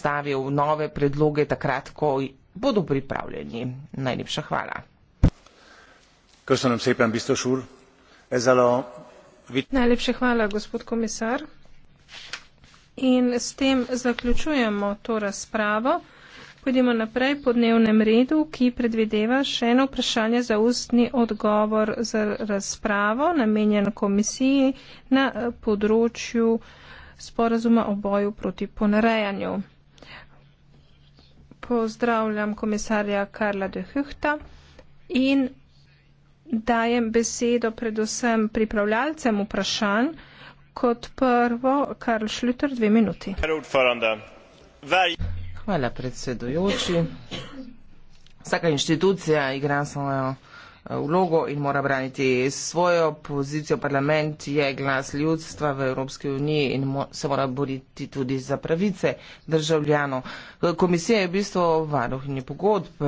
predstavil nove predloge takrat, ko bodo pripravljeni. Najlepša hvala. Köszönöm szépen, biztos úr. Ezzel a... Najlepše hvala, gospod komisar. In s tem zaključujemo to razpravo. Pojdimo naprej po dnevnem redu, ki predvideva še eno vprašanje za ustni odgovor za razpravo, namenjen komisiji na področju sporazuma o boju proti ponarejanju pozdravljam komisarja Karla de Huhta in dajem besedo predvsem pripravljalcem vprašanj. Kot prvo, Karl Šluter, dve minuti. Hvala predsedujoči. Vsaka inštitucija igra svojo vlogo in mora braniti svojo pozicijo. Parlament je glas ljudstva v Evropski uniji in se mora boriti tudi za pravice državljanov. Komisija je v bistvu varuhinje pogodb.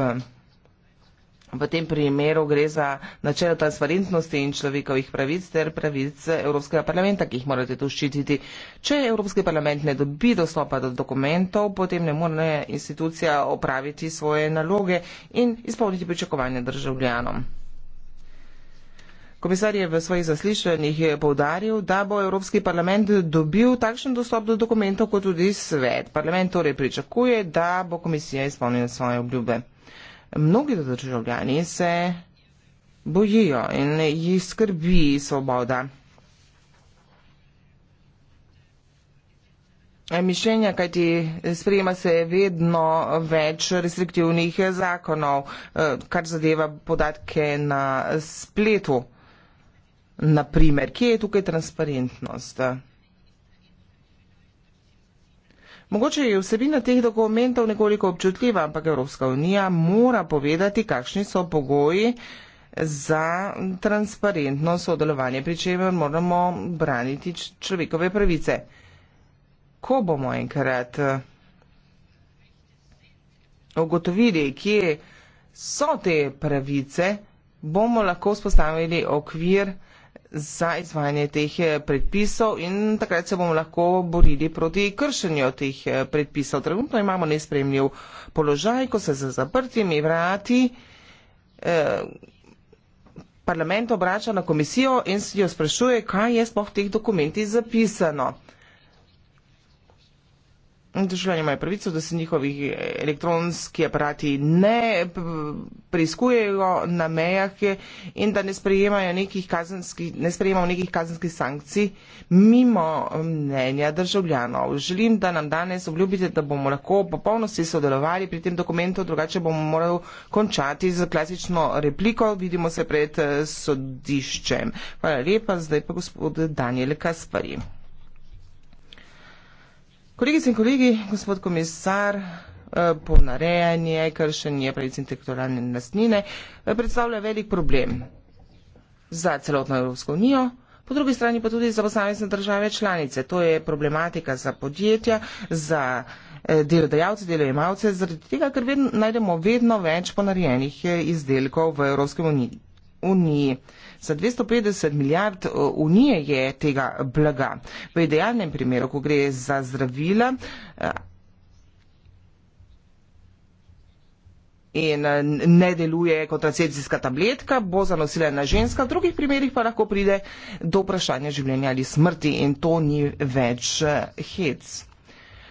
V tem primeru gre za načelo transparentnosti in človekovih pravic ter pravic Evropskega parlamenta, ki jih morate tu ščititi. Če Evropski parlament ne dobi dostopa do dokumentov, potem ne more institucija opraviti svoje naloge in izpolniti pričakovanja državljanom. Komisar je v svojih zaslišanjih eh, povdaril, da bo Evropski parlament dobil takšen dostop do dokumentov kot tudi svet. Parlament torej pričakuje, da bo komisija izpolnila svoje obljube. Mnogi državljani se bojijo in jih skrbi svoboda. Mišljenja, kajti sprejema se vedno več restriktivnih zakonov, eh, kar zadeva podatke na spletu naprimer, kje je tukaj transparentnost? Mogoče je vsebina teh dokumentov nekoliko občutljiva, ampak Evropska unija mora povedati, kakšni so pogoji za transparentno sodelovanje, pri čemer moramo braniti človekove pravice. Ko bomo enkrat ugotovili, kje so te pravice, bomo lahko spostavili okvir, za izvajanje teh eh, predpisov in takrat se bomo lahko borili proti kršenju teh eh, predpisov. Trenutno imamo nespremljiv položaj, ko se za zaprtimi vrati eh, parlament obrača na komisijo in se jo sprašuje, kaj je spoh v teh dokumentih zapisano državljani imajo pravico, da se njihovih elektronski aparati ne preizkujejo na mejah in da ne sprejemajo nekih kazenskih, ne sprejemamo nekih kazenskih sankcij mimo mnenja državljanov. Želim, da nam danes obljubite, da bomo lahko popolno vsi sodelovali pri tem dokumentu, drugače bomo morali končati z klasično repliko, vidimo se pred eh, sodiščem. Hvala lepa, zdaj pa gospod Daniel Kasparji. Kolegice in kolegi, gospod komisar, eh, ponarejanje, kršenje pravic intelektualne lastnine eh, predstavlja velik problem za celotno Evropsko unijo, po drugi strani pa tudi za posamezne države članice. To je problematika za podjetja, za eh, delodajalce, delojemalce, zaradi tega, ker vedno, najdemo vedno več ponarejenih izdelkov v Evropskem uniji uniji. Za 250 milijard eh, unije je tega blaga. V idealnem primeru, ko gre za zdravila eh, in eh, ne deluje kontracepcijska tabletka, bo zanosila ena ženska, v drugih primerih pa lahko pride do vprašanja življenja ali smrti in to ni več hec.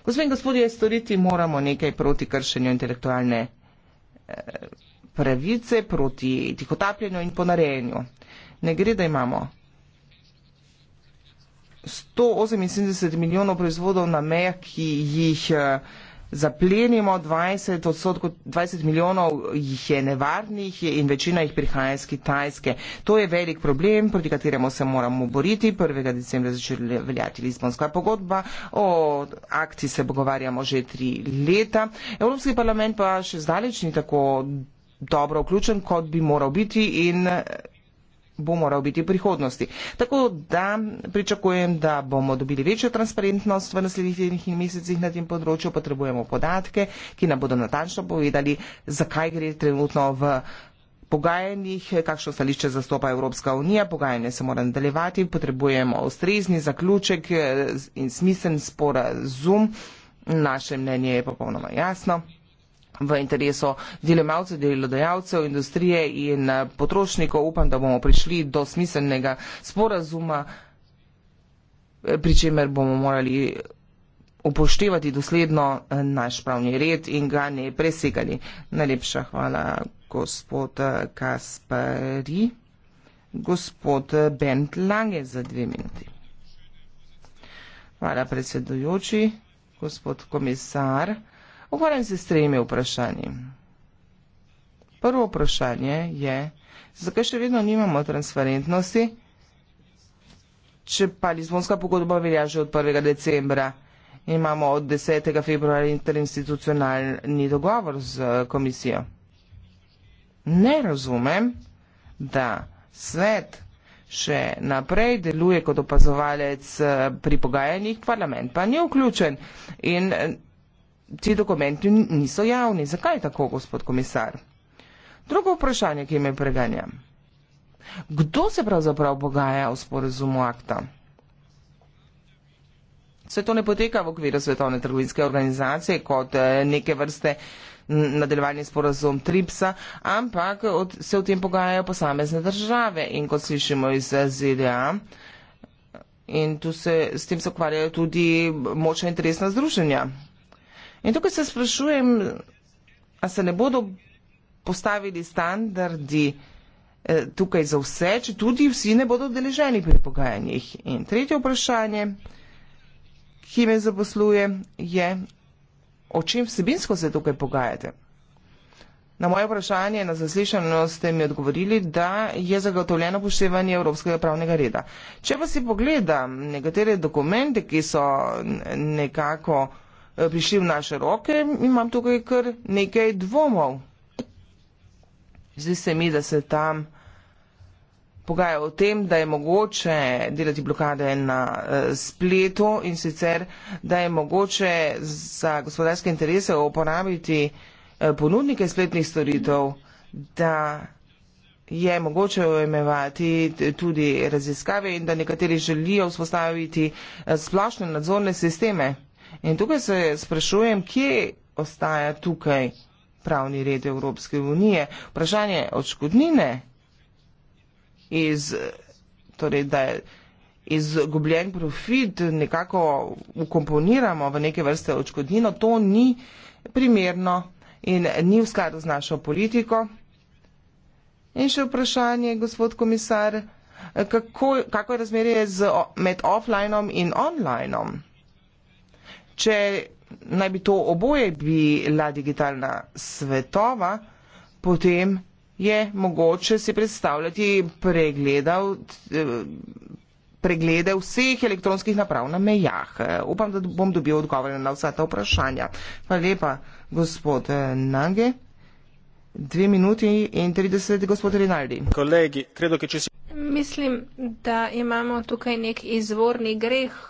Gospod in gospodje, storiti moramo nekaj proti kršenju intelektualne. Eh, pravice proti tihotapljenju in ponarejenju. Ne gre, da imamo 178 milijonov proizvodov na mejah, ki jih eh, zaplenimo, 20, odsotko, 20 milijonov jih je nevarnih in večina jih prihaja iz Kitajske. To je velik problem, proti kateremu se moramo boriti. 1. decembra začela veljati Lizbonska pogodba, o akti se pogovarjamo že tri leta. Evropski parlament pa še zdaleč ni tako dobro vključen, kot bi moral biti in eh, bo moral biti v prihodnosti. Tako da pričakujem, da bomo dobili večjo transparentnost v naslednjih tednih in mesecih na tem področju. Potrebujemo podatke, ki nam bodo natančno povedali, zakaj gre trenutno v pogajanjih, kakšno stališče zastopa Evropska unija. Pogajanje se mora nadaljevati, potrebujemo ustrezni zaključek eh, in smisen sporazum. Naše mnenje je popolnoma jasno v interesu delemavcev, delodajalcev, industrije in eh, potrošnikov. Upam, da bomo prišli do smiselnega sporazuma, eh, pri čemer bomo morali upoštevati dosledno eh, naš pravni red in ga ne presegali. Najlepša hvala, gospod Kaspari. Gospod Bent Lange za dve minuti. Hvala, predsedujoči. Gospod komisar. Ukvarjam se s tremi vprašanji. Prvo vprašanje je, zakaj še vedno nimamo transparentnosti, če pa Lizbonska pogodba velja že od 1. decembra. Imamo od 10. februarja interinstitucionalni dogovor z eh, komisijo. Ne razumem, da svet še naprej deluje kot opazovalec eh, pri pogajanjih, parlament pa ni vključen. In eh, ti dokumenti niso javni. Zakaj tako, gospod komisar? Drugo vprašanje, ki me preganja. Kdo se pravzaprav pogaja o sporazumu akta? Vse to ne poteka v okviru Svetovne trgovinske organizacije kot eh, neke vrste nadaljevanje sporazum TRIPS-a, ampak od, se v tem pogajajo posamezne države in kot slišimo iz eh, ZDA in tu se s tem se ukvarjajo tudi močna interesna združenja. In tukaj se sprašujem, a se ne bodo postavili standardi eh, tukaj za vse, če tudi vsi ne bodo deleženi pri pogajanjih. In tretje vprašanje, ki me zaposluje, je, o čem vsebinsko se tukaj pogajate. Na moje vprašanje, na zaslišanju ste mi odgovorili, da je zagotovljeno poštevanje Evropskega pravnega reda. Če pa si pogledam nekatere dokumente, ki so nekako uh, Eh, prišli v naše roke, imam tukaj kar nekaj dvomov. Zdi se mi, da se tam pogaja o tem, da je mogoče delati blokade na eh, spletu in sicer, da je mogoče za gospodarske interese uporabiti eh, ponudnike spletnih storitev, da je mogoče ojmevati tudi raziskave in da nekateri želijo vzpostaviti splošne nadzorne sisteme. In tukaj se sprašujem, kje ostaja tukaj pravni red Evropske unije. Vprašanje odškodnine iz, torej, da je izgubljen profit nekako ukomponiramo v neke vrste odškodnino, to ni primerno in ni v skladu z našo politiko. In še vprašanje, gospod komisar, kako, kako je razmerje med offline in online? -om? Če naj bi to oboje bila digitalna svetova, potem je mogoče si predstavljati pregledal, preglede vseh elektronskih naprav na mejah. Upam, da bom dobil odgovore na vsa ta vprašanja. Pa lepa, gospod Nange. Dve minuti in 30, gospod Rinaldi. Kolegi, kredo, ki če si. Mislim, da imamo tukaj nek izvorni greh,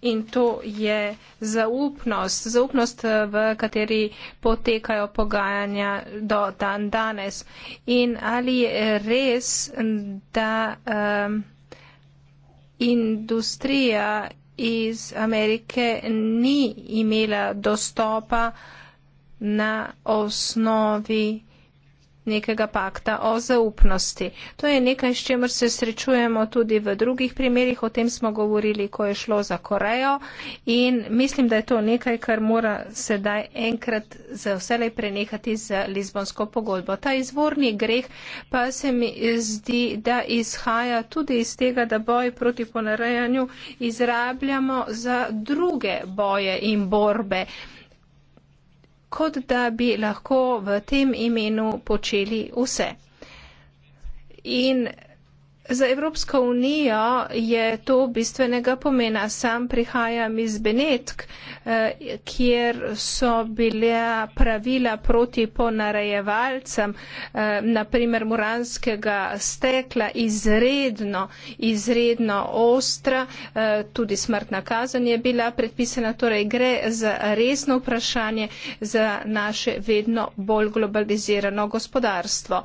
in to je zaupnost, zaupnost, v kateri potekajo pogajanja do dan danes. In ali je res, da um, industrija iz Amerike ni imela dostopa na osnovi nekega pakta o zaupnosti. To je nekaj, s čimer se srečujemo tudi v drugih primerjih, o tem smo govorili, ko je šlo za Korejo in mislim, da je to nekaj, kar mora sedaj enkrat za vselej prenehati z Lizbonsko pogodbo. Ta izvorni greh pa se mi zdi, da izhaja tudi iz tega, da boj proti ponarejanju izrabljamo za druge boje in borbe kot da bi lahko v tem imenu počeli vse. In Za Evropsko unijo je to bistvenega pomena. Sam prihajam iz Benetk, eh, kjer so bile pravila proti ponarejevalcem, eh, naprimer muranskega stekla, izredno, izredno ostra, eh, tudi smrtna kazen je bila predpisana, torej gre za resno vprašanje za naše vedno bolj globalizirano gospodarstvo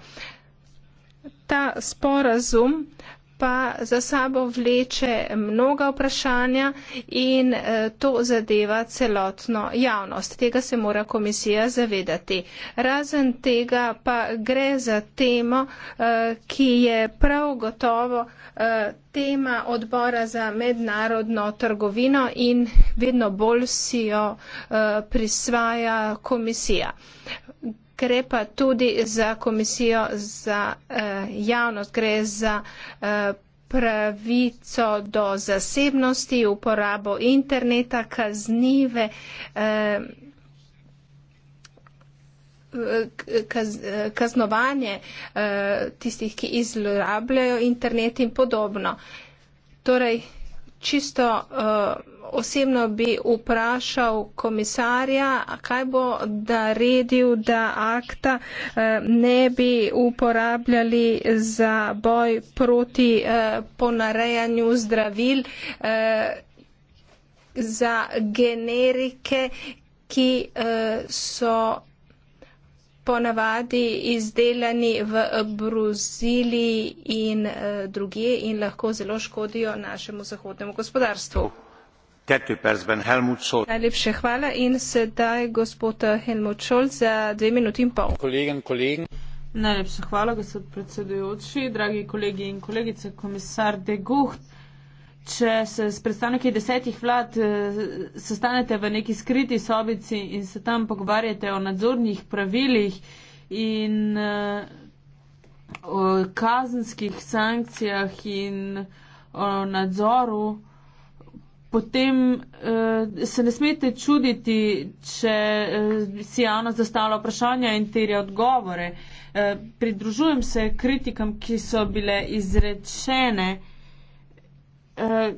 ta sporazum pa za sabo vleče mnoga vprašanja in eh, to zadeva celotno javnost. Tega se mora komisija zavedati. Razen tega pa gre za temo, eh, ki je prav gotovo eh, tema odbora za mednarodno trgovino in vedno bolj si jo prisvaja komisija gre pa tudi za komisijo za uh, javnost, gre za uh, pravico do zasebnosti, uporabo interneta, kaznive. Uh, kaznovanje tistih, ki izlorabljajo internet in podobno. Torej, čisto osebno bi vprašal komisarja, kaj bo naredil, da, da akta eh, ne bi uporabljali za boj proti eh, ponarejanju zdravil eh, za generike, ki so ponavadi izdelani v Bruziliji in drugje in lahko zelo škodijo našemu zahodnemu gospodarstvu. Najlepša hvala in sedaj gospod Helmut Scholl za dve minuti in pol. Kolegen, kolegen. Najlepša hvala, gospod predsedujoči, dragi kolegi in kolegice, komisar De Gucht. Če se s predstavniki desetih vlad eh, sestanete v neki skriti sobici in se tam pogovarjate o nadzornih pravilih in eh, o kazenskih sankcijah in o nadzoru, potem uh, se ne smete čuditi, če uh, si javnost zastavlja vprašanja in terja odgovore. Uh, pridružujem se kritikam, ki so bile izrečene. Uh,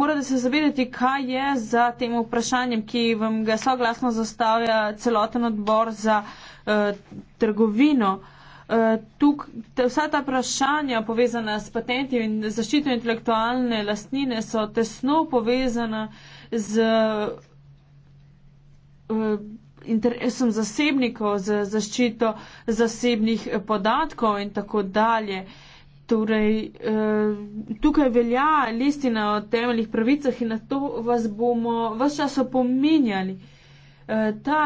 morate se zavedati, kaj je za tem vprašanjem, ki vam ga soglasno zastavlja celoten odbor za uh, trgovino. Uh, Eh, tuk, te, vsa ta vprašanja povezana s patenti in zaščito intelektualne lastnine so tesno povezana z uh, interesom zasebnikov, z zaščito zasebnih eh, podatkov in tako dalje. Torej, tukaj velja listina o temeljnih pravicah in na to vas bomo vse čas opominjali. Eh, ta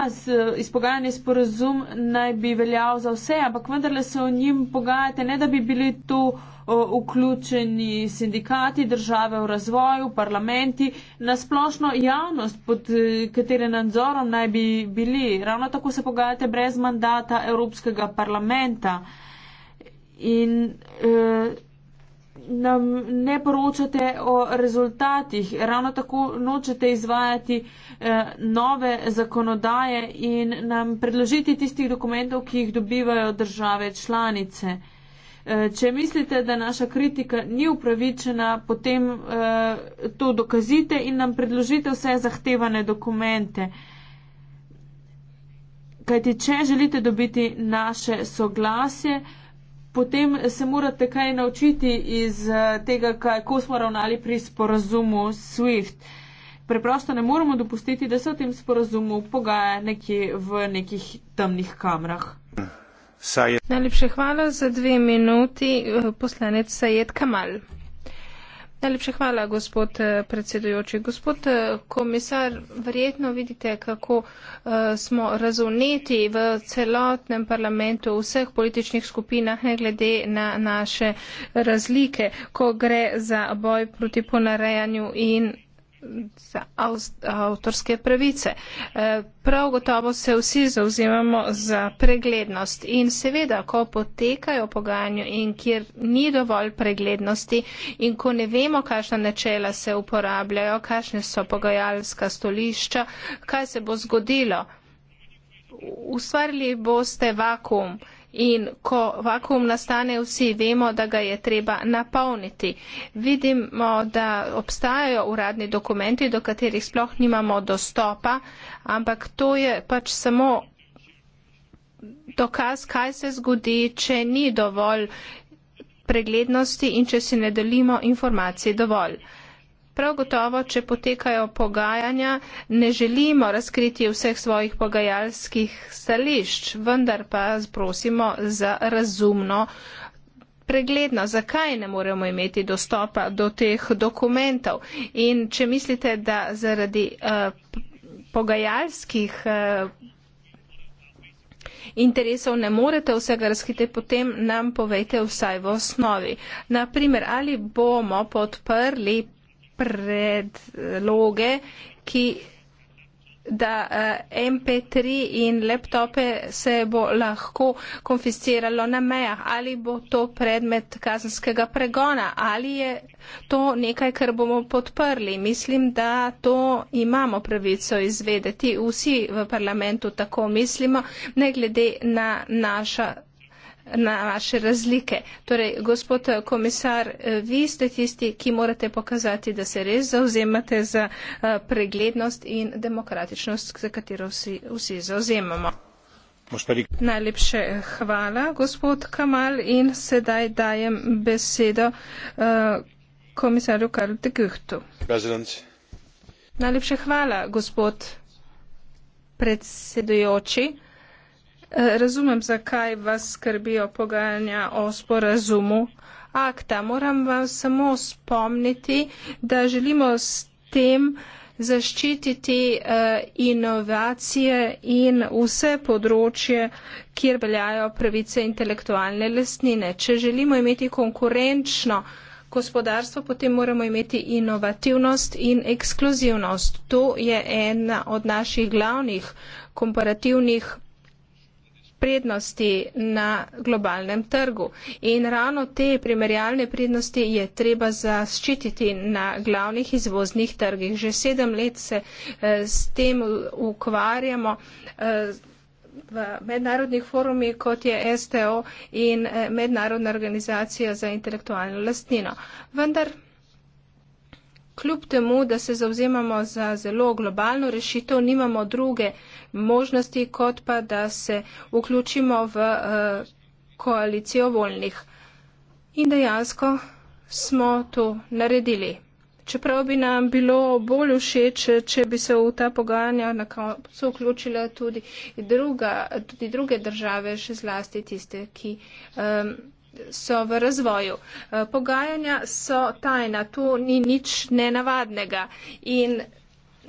izpogajanje sporozum naj bi veljal za vse, ampak vendarle se o njim pogajate, ne da bi bili tu eh, vključeni sindikati, države v razvoju, parlamenti, nasplošno javnost, pod eh, katerim nadzorom naj bi bili. Ravno tako se pogajate brez mandata Evropskega parlamenta. In, eh, nam ne poročate o rezultatih, ravno tako nočete izvajati eh, nove zakonodaje in nam predložiti tistih dokumentov, ki jih dobivajo države članice. Eh, če mislite, da naša kritika ni upravičena, potem eh, to dokazite in nam predložite vse zahtevane dokumente. Kajti, če želite dobiti naše soglasje, Potem se morate kaj naučiti iz eh, tega, kako smo ravnali pri sporazumu SWIFT. Preprosto ne moremo dopustiti, da se o tem sporazumu pogaja nekje v nekih temnih kamrah. Najlepše hvala za dve minuti, eh, poslanec Sajed Kamal. Najlepša hvala, gospod eh, predsedujoči. Gospod eh, komisar, verjetno vidite, kako eh, smo razumeti v celotnem parlamentu v vseh političnih skupinah, ne glede na naše razlike, ko gre za boj proti ponarejanju in za avtorske pravice. E, prav gotovo se vsi zauzemamo za preglednost in seveda, ko potekajo pogajanja in kjer ni dovolj preglednosti in ko ne vemo, kakšna načela se uporabljajo, kakšne so pogajalska stolišča, kaj se bo zgodilo. Ustvarili boste vakum In ko vakum nastane, vsi vemo, da ga je treba napolniti. Vidimo, da obstajajo uradni dokumenti, do katerih sploh nimamo dostopa, ampak to je pač samo dokaz, kaj se zgodi, če ni dovolj preglednosti in če si ne delimo informacij dovolj. Prav gotovo, če potekajo pogajanja, ne želimo razkriti vseh svojih pogajalskih stališč, vendar pa prosimo za razumno pregledno, zakaj ne moremo imeti dostopa do teh dokumentov. In če mislite, da zaradi uh, pogajalskih. Uh, interesov ne morete vsega razkriti, potem nam povejte vsaj v osnovi. Naprimer, ali bomo podprli predloge, ki da eh, MP3 in laptope se bo lahko konfisciralo na mejah, ali bo to predmet kazenskega pregona, ali je to nekaj, kar bomo podprli. Mislim, da to imamo pravico izvedeti. Vsi v parlamentu tako mislimo, ne glede na naša na naše razlike. Torej, gospod eh, komisar, eh, vi ste tisti, ki morate pokazati, da se res zauzemate za eh, preglednost in demokratičnost, za katero vsi, vsi zauzemamo. Najlepše hvala, gospod Kamal, in sedaj dajem besedo uh, komisarju Karlu de Guchtu. Najlepše hvala, gospod predsedujoči. Eh, razumem, zakaj vas skrbijo pogajanja o sporazumu akta. Moram vam samo spomniti, da želimo s tem zaščititi eh, inovacije in vse področje, kjer veljajo pravice intelektualne lastnine. Če želimo imeti konkurenčno gospodarstvo, potem moramo imeti inovativnost in ekskluzivnost. To je ena od naših glavnih komparativnih prednosti na globalnem trgu. In ravno te primerjalne prednosti je treba zaščititi na glavnih izvoznih trgih. Že sedem let se eh, s tem ukvarjamo eh, v mednarodnih forumih, kot je STO in eh, Mednarodna organizacija za intelektualno lastnino. Vendar kljub temu, da se zauzemamo za zelo globalno rešitev, nimamo druge možnosti, kot pa da se vključimo v uh, koalicijo voljnih. In dejansko smo to naredili. Čeprav bi nam bilo bolj všeč, če bi se v ta pogajanja na koncu vključile tudi, tudi druge države, še zlasti tiste, ki. Um, so v razvoju. Eh, pogajanja so tajna, to ni nič nenavadnega in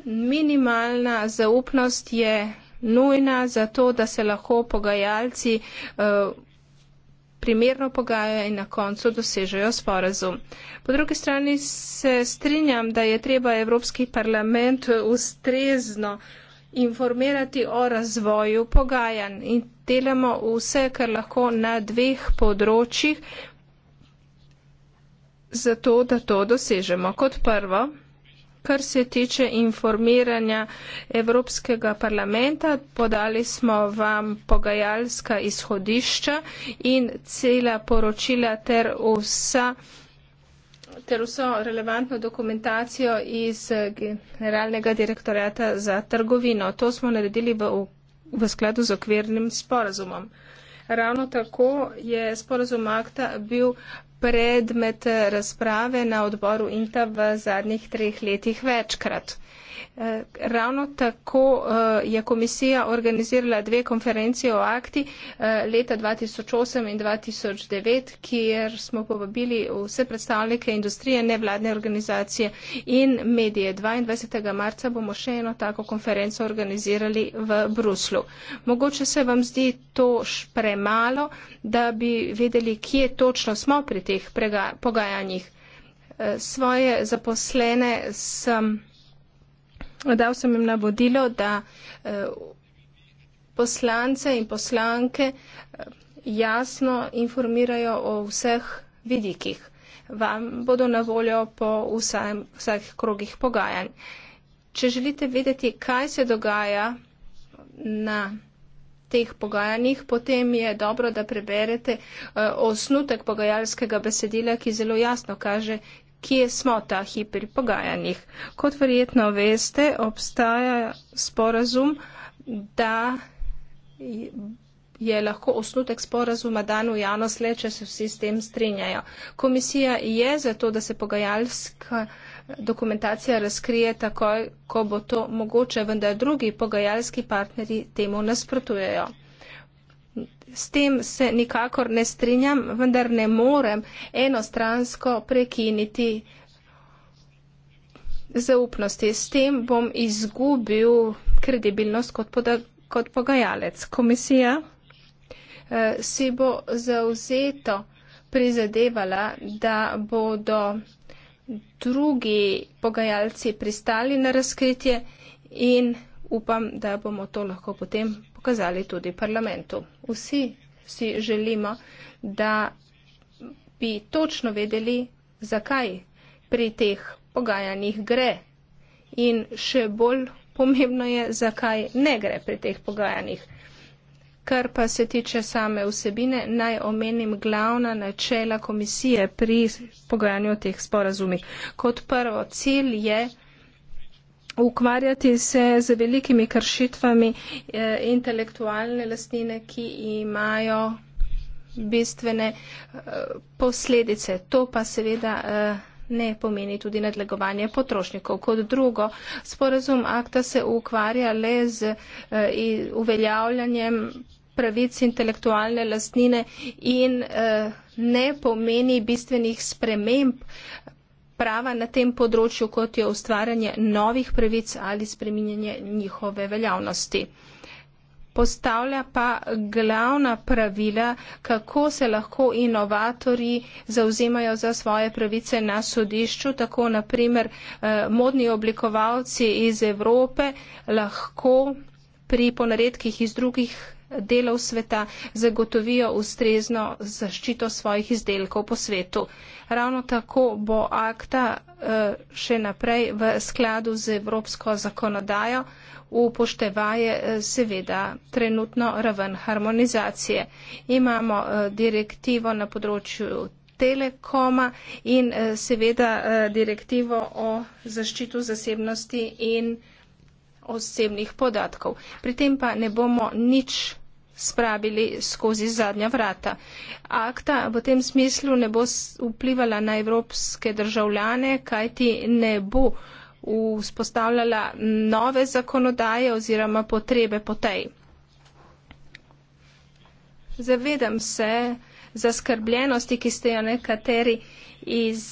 minimalna zaupnost je nujna za to, da se lahko pogajalci eh, primerno pogajajo in na koncu dosežejo sporazum. Po drugi strani se strinjam, da je treba Evropski parlament ustrezno informirati o razvoju pogajanj in delamo vse, kar lahko na dveh področjih, zato da to dosežemo. Kot prvo, kar se tiče informiranja Evropskega parlamenta, podali smo vam pogajalska izhodišča in cela poročila ter vsa ter vso relevantno dokumentacijo iz Generalnega direktorata za trgovino. To smo naredili v v skladu z okvirnim sporazumom. Ravno tako je sporazum akta bil predmet razprave na odboru INTA v zadnjih treh letih večkrat. Eh, ravno tako eh, je komisija organizirala dve konferencije o akti eh, leta 2008 in 2009, kjer smo povabili vse predstavnike industrije, nevladne organizacije in medije. 22. marca bomo še eno tako konferenco organizirali v Bruslu. Mogoče se vam zdi to premalo, da bi vedeli, kje točno smo pri teh pogajanjih. Svoje zaposlene sem dal sem jim navodilo, da eh, poslance in poslanke eh, jasno informirajo o vseh vidikih. Vam bodo na voljo po vsem, vseh krogih pogajanj. Če želite vedeti, kaj se dogaja na teh pogajanjih, potem je dobro, da preberete eh, osnutek pogajalskega besedila, ki zelo jasno kaže, ki je smota hipri pogajanjih. Kot verjetno veste, obstaja sporazum, da je lahko osnutek sporazuma dan v javnost le, če se vsi s tem strinjajo. Komisija je za to, da se pogajalska dokumentacija razkrije takoj, ko bo to mogoče, vendar drugi pogajalski partneri temu nasprotujejo. S tem se nikakor ne strinjam, vendar ne morem enostransko prekiniti zaupnosti. S tem bom izgubil kredibilnost kot, poda, kot pogajalec. Komisija eh, si bo zauzeto prizadevala, da bodo drugi pogajalci pristali na razkritje in upam, da bomo to lahko potem pokazali tudi parlamentu. Vsi si želimo, da bi točno vedeli, zakaj pri teh pogajanjih gre in še bolj pomembno je, zakaj ne gre pri teh pogajanjih. Kar pa se tiče same vsebine, naj omenim glavna načela komisije pri pogajanju o teh sporazumih. Kot prvo, cilj je ukvarjati se z velikimi kršitvami eh, intelektualne lastnine, ki imajo bistvene eh, posledice. To pa seveda eh, ne pomeni tudi nadlegovanje potrošnikov. Kot drugo, sporazum akta se ukvarja le z uveljavljanjem pravic intelektualne lastnine in ne pomeni bistvenih sprememb prava na tem področju, kot je ustvarjanje novih pravic ali spreminjanje njihove veljavnosti. Postavlja pa glavna pravila, kako se lahko inovatori zauzemajo za svoje pravice na sodišču, tako naprimer eh, modni oblikovalci iz Evrope lahko pri ponaredkih iz drugih delov sveta zagotovijo ustrezno zaščito svojih izdelkov po svetu. Ravno tako bo akta eh, še naprej v skladu z evropsko zakonodajo upoštevaje eh, seveda trenutno raven harmonizacije. Imamo eh, direktivo na področju telekoma in seveda direktivo o zaščitu zasebnosti in osebnih podatkov. Pri tem pa ne bomo nič spravili skozi zadnja vrata. Akta v tem smislu ne bo vplivala na evropske državljane, kajti ne bo vzpostavljala nove zakonodaje oziroma potrebe po tej. Zavedam se zaskrbljenosti, ki ste jo nekateri iz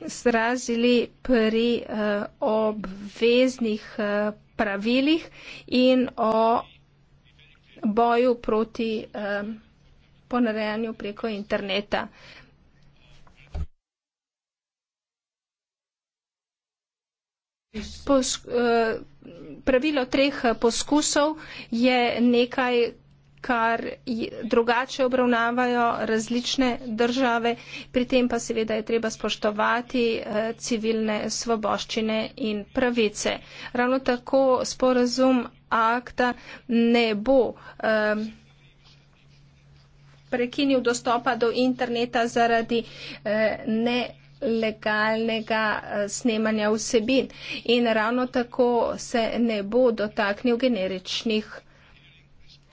izrazili pri uh, obveznih uh, pravilih in o boju proti uh, ponarejanju preko interneta. Posk, uh, pravilo treh poskusov je nekaj, kar drugače obravnavajo različne države, pri tem pa seveda je treba spoštovati eh, civilne svoboščine in pravice. Ravno tako sporazum akta ne bo eh, prekinil dostopa do interneta zaradi eh, ne legalnega snemanja vsebin in ravno tako se ne bo dotaknil generičnih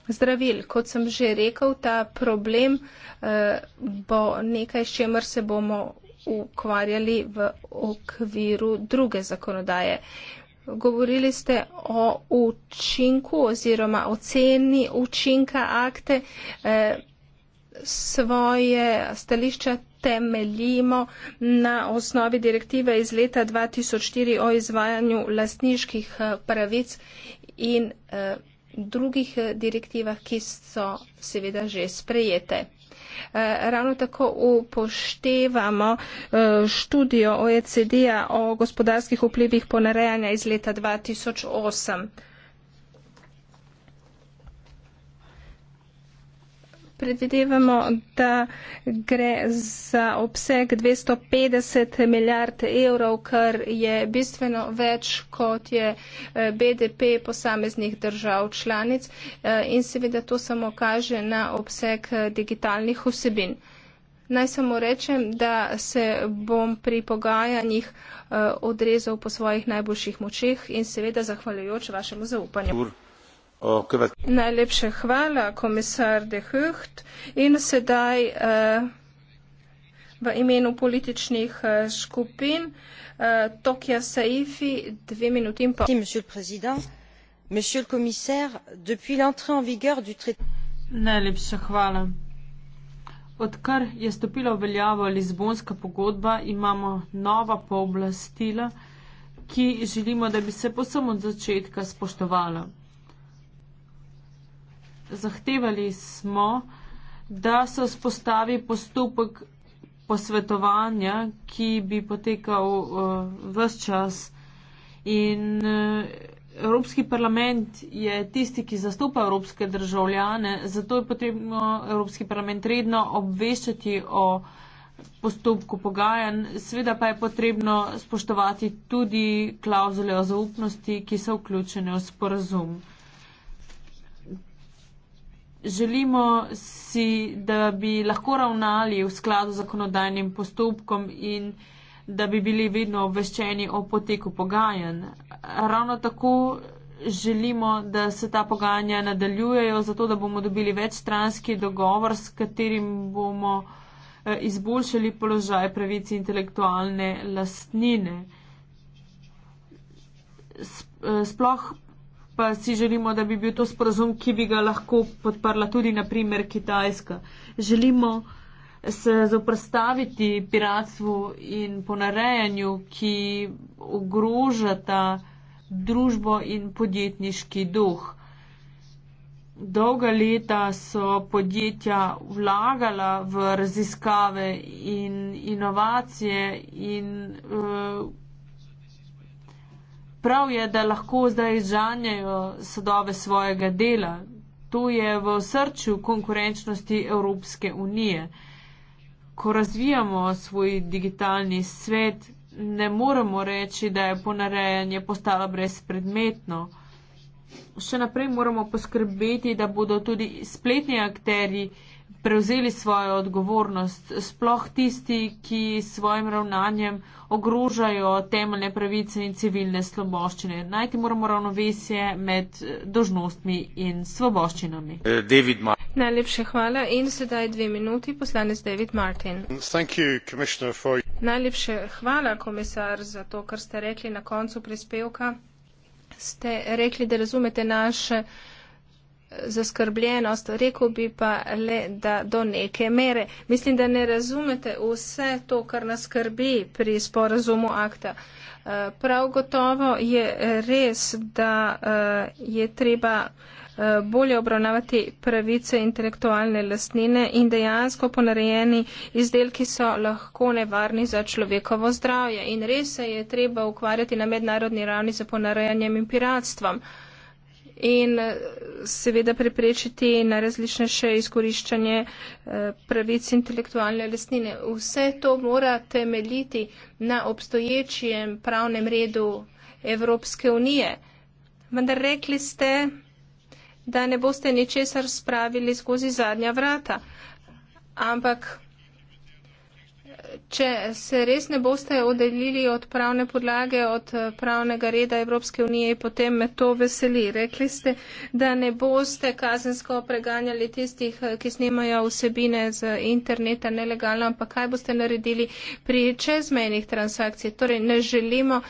zdravil. Kot sem že rekel, ta problem eh, bo nekaj, s čemer se bomo ukvarjali v okviru druge zakonodaje. Govorili ste o učinku oziroma oceni učinka akte. Eh, svoje stališča temeljimo na osnovi direktive iz leta 2004 o izvajanju lastniških eh, pravic in drugih eh, direktivah, ki so seveda že sprejete. Eh, ravno tako upoštevamo eh, študijo OECD-a o gospodarskih vplivih ponarejanja iz leta 2008. predvidevamo, da gre za obseg 250 milijard evrov, kar je bistveno več, kot je eh, BDP posameznih držav članic eh, in seveda to samo kaže na obseg eh, digitalnih vsebin. Naj samo rečem, da se bom pri pogajanjih odrezal po svojih najboljših močeh in seveda zahvaljujoč vašemu zaupanju. Tur. Najlepša hvala, komisar De Hucht. In sedaj eh, v imenu političnih eh, skupin eh, Tokija Saifi, dve minuti in pol. Najlepša hvala. Odkar je stopila v veljavo Lizbonska pogodba, imamo nova pooblastila, ki želimo, da bi se po samem začetku spoštovala zahtevali smo, da se vzpostavi postopek posvetovanja, ki bi potekal uh, eh, vse čas. In uh, Evropski parlament je tisti, ki zastopa evropske državljane, zato je potrebno Evropski parlament redno obveščati o postopku pogajanj. Sveda pa je potrebno spoštovati tudi klauzule o zaupnosti, ki so vključene v sporazum želimo si, da bi lahko ravnali v skladu z zakonodajnim postopkom in da bi bili vedno obveščeni o poteku pogajanj. Ravno tako želimo, da se ta pogajanja nadaljujejo, zato da bomo dobili večstranski dogovor, s katerim bomo eh, izboljšali položaj pravici intelektualne lastnine. Eh, sploh pa si želimo, da bi bil to sporozum, ki bi ga lahko podprla tudi naprimer Kitajska. Želimo se zoprstaviti piratstvu in ponarejanju, ki ogrožata družbo in podjetniški duh. Dolga leta so podjetja vlagala v raziskave in inovacije in uh, prav je, da lahko zdaj izžanjajo sadove svojega dela. To je v srču konkurenčnosti Evropske unije. Ko razvijamo svoj digitalni svet, ne moremo reči, da je ponarejanje postalo brezpredmetno. Še naprej moramo poskrbeti, da bodo tudi spletni akteri prevzeli svojo odgovornost, sploh tisti, ki s svojim ravnanjem ogrožajo temeljne pravice in civilne sloboščine. Najti moramo ravnovesje med dožnostmi in sloboščinami. Eh, Najlepše hvala in sedaj dve minuti, poslanec David Martin. You, Najlepše hvala, komisar, za to, kar ste rekli na koncu prispevka. Ste rekli, da razumete naše zaskrbljenost, rekel bi pa le, da do neke mere. Mislim, da ne razumete vse to, kar nas skrbi pri sporazumu akta. Eh, prav gotovo je res, da eh, je treba eh, bolje obravnavati pravice intelektualne lastnine in dejansko ponarejeni izdelki so lahko nevarni za človekovo zdravje. In res se je treba ukvarjati na mednarodni ravni za ponarejanjem in piratstvom in eh, seveda preprečiti na različne še izkoriščanje eh, pravic intelektualne lesnine. Vse to mora temeljiti na obstoječem pravnem redu Evropske unije. Vendar rekli ste, da ne boste ničesar spravili skozi zadnja vrata. Ampak če se res ne boste oddelili od pravne podlage, od eh, pravnega reda Evropske unije, potem me to veseli. Rekli ste, da ne boste kazensko preganjali tistih, eh, ki snimajo vsebine z interneta nelegalno, ampak kaj boste naredili pri čezmejnih transakcij? Torej, ne želimo,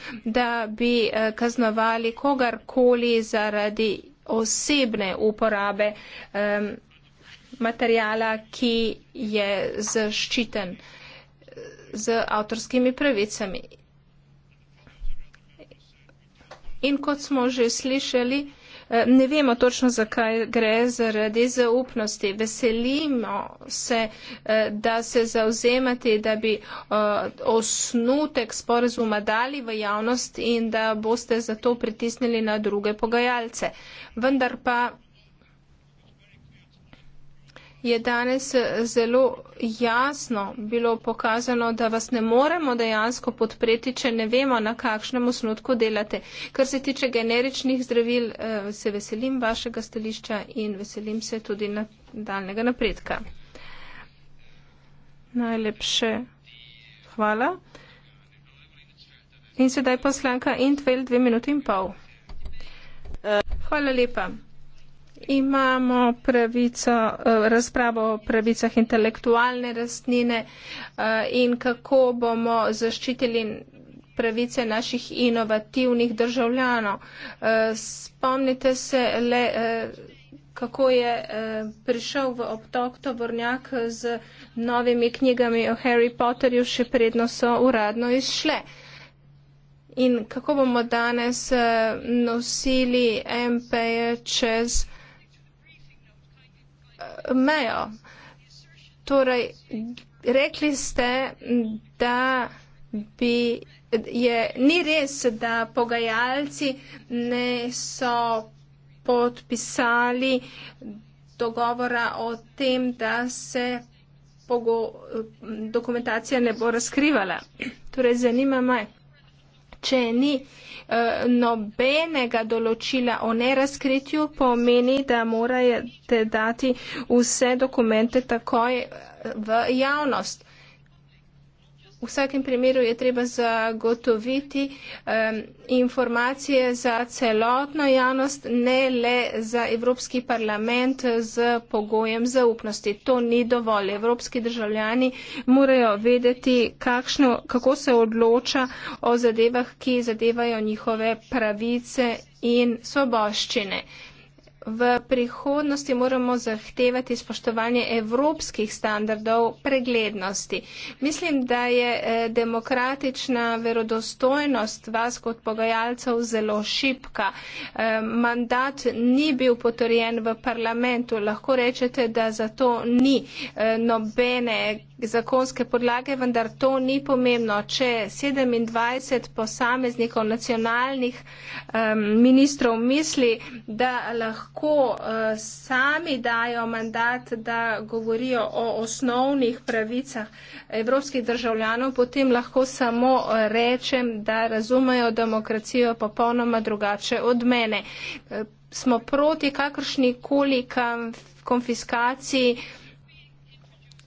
da bi eh, kaznovali kogarkoli zaradi osebne uporabe. Um, materijala, ki je zaščiten. Uh, z avtorskimi pravicami. In kot smo že slišali, eh, ne vemo točno, zakaj gre zaradi zaupnosti. Veselimo se, eh, da se zauzemate, da bi eh, osnutek sporazuma dali v javnost in da boste zato pritisnili na druge pogajalce. Vendar pa je danes eh, zelo jasno bilo pokazano, da vas ne moremo dejansko podpreti, če ne vemo, na kakšnem osnutku delate. Kar se tiče generičnih zdravil, eh, se veselim vašega stališča in veselim se tudi na daljnega napredka. Najlepše hvala. In sedaj poslanka Intvel, dve minuti in pol. Eh. Hvala lepa imamo pravico, eh, razpravo o pravicah intelektualne rastnine eh, in kako bomo zaščitili pravice naših inovativnih državljanov. Eh, spomnite se le, kako je prišel v obtok tovornjak z novimi knjigami o Harry Potterju, še predno so uradno izšle. In kako bomo danes nosili MPE čez mejo. Torej, rekli ste, da bi, je, ni res, da pogajalci ne so podpisali dogovora o tem, da se pogo, dokumentacija ne bo razkrivala. Torej, zanima me, če ni e, eh, nobenega določila o nerazkritju, pomeni, da morate dati vse dokumente takoj v javnost. V vsakem primeru je treba zagotoviti um, informacije za celotno javnost, ne le za Evropski parlament z pogojem zaupnosti. To ni dovolj. Evropski državljani morajo vedeti, kakšno, kako se odloča o zadevah, ki zadevajo njihove pravice in soboščine v prihodnosti moramo zahtevati spoštovanje evropskih standardov preglednosti. Mislim, da je eh, demokratična verodostojnost vas kot pogajalcev zelo šipka. Eh, mandat ni bil potrjen v parlamentu. Lahko rečete, da zato ni eh, nobene zakonske podlage, vendar to ni pomembno. Če 27 posameznikov nacionalnih um, ministrov misli, da lahko uh, sami dajo mandat, da govorijo o osnovnih pravicah evropskih državljanov, potem lahko samo eh, rečem, da razumejo demokracijo popolnoma drugače od mene. Uh, smo proti kakršnikoli konfiskaciji. Kam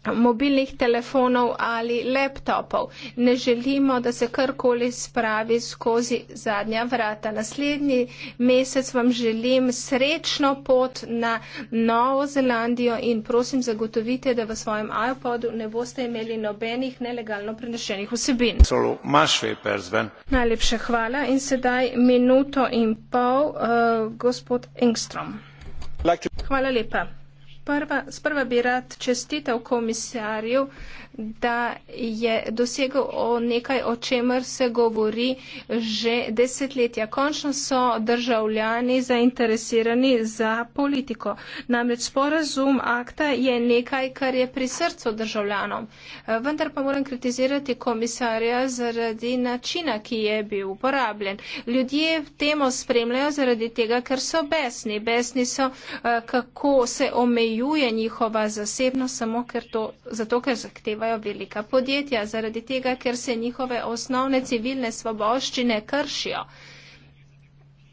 mobilnih telefonov ali laptopov. Ne želimo, da se karkoli spravi skozi zadnja vrata. Naslednji mesec vam želim srečno pot na Novo Zelandijo in prosim zagotovite, da v svojem iPodu ne boste imeli nobenih nelegalno prenešenih vsebin. Najlepša hvala in sedaj minuto in pol, uh, gospod Engstrom. Hvala lepa. Prva, sprva bi rad čestitev komisarju, da je dosegel o nekaj, o čemer se govori že desetletja. Končno so državljani zainteresirani za politiko. Namreč sporazum akta je nekaj, kar je pri srcu državljanom. Vendar pa moram kritizirati komisarja zaradi načina, ki je bil uporabljen. Ljudje temo spremljajo zaradi tega, ker so besni. Besni so, eh, kako se omejujejo omejuje njihova zasebnost samo ker to, zato, ker zahtevajo velika podjetja, zaradi tega, ker se njihove osnovne civilne svoboščine kršijo,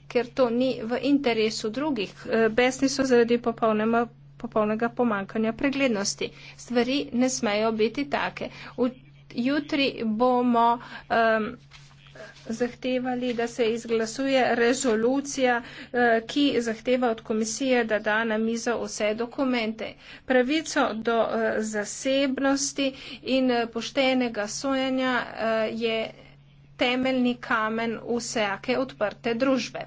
ker to ni v interesu drugih. E, besni so zaradi popolnema popolnega pomankanja preglednosti. Stvari ne smejo biti take. V, jutri bomo um, zahtevali, da se izglasuje rezolucija, eh, ki zahteva od komisije, da da na mizo vse dokumente. Pravico do eh, zasebnosti in eh, poštenega sojanja je temeljni kamen vsake odprte družbe.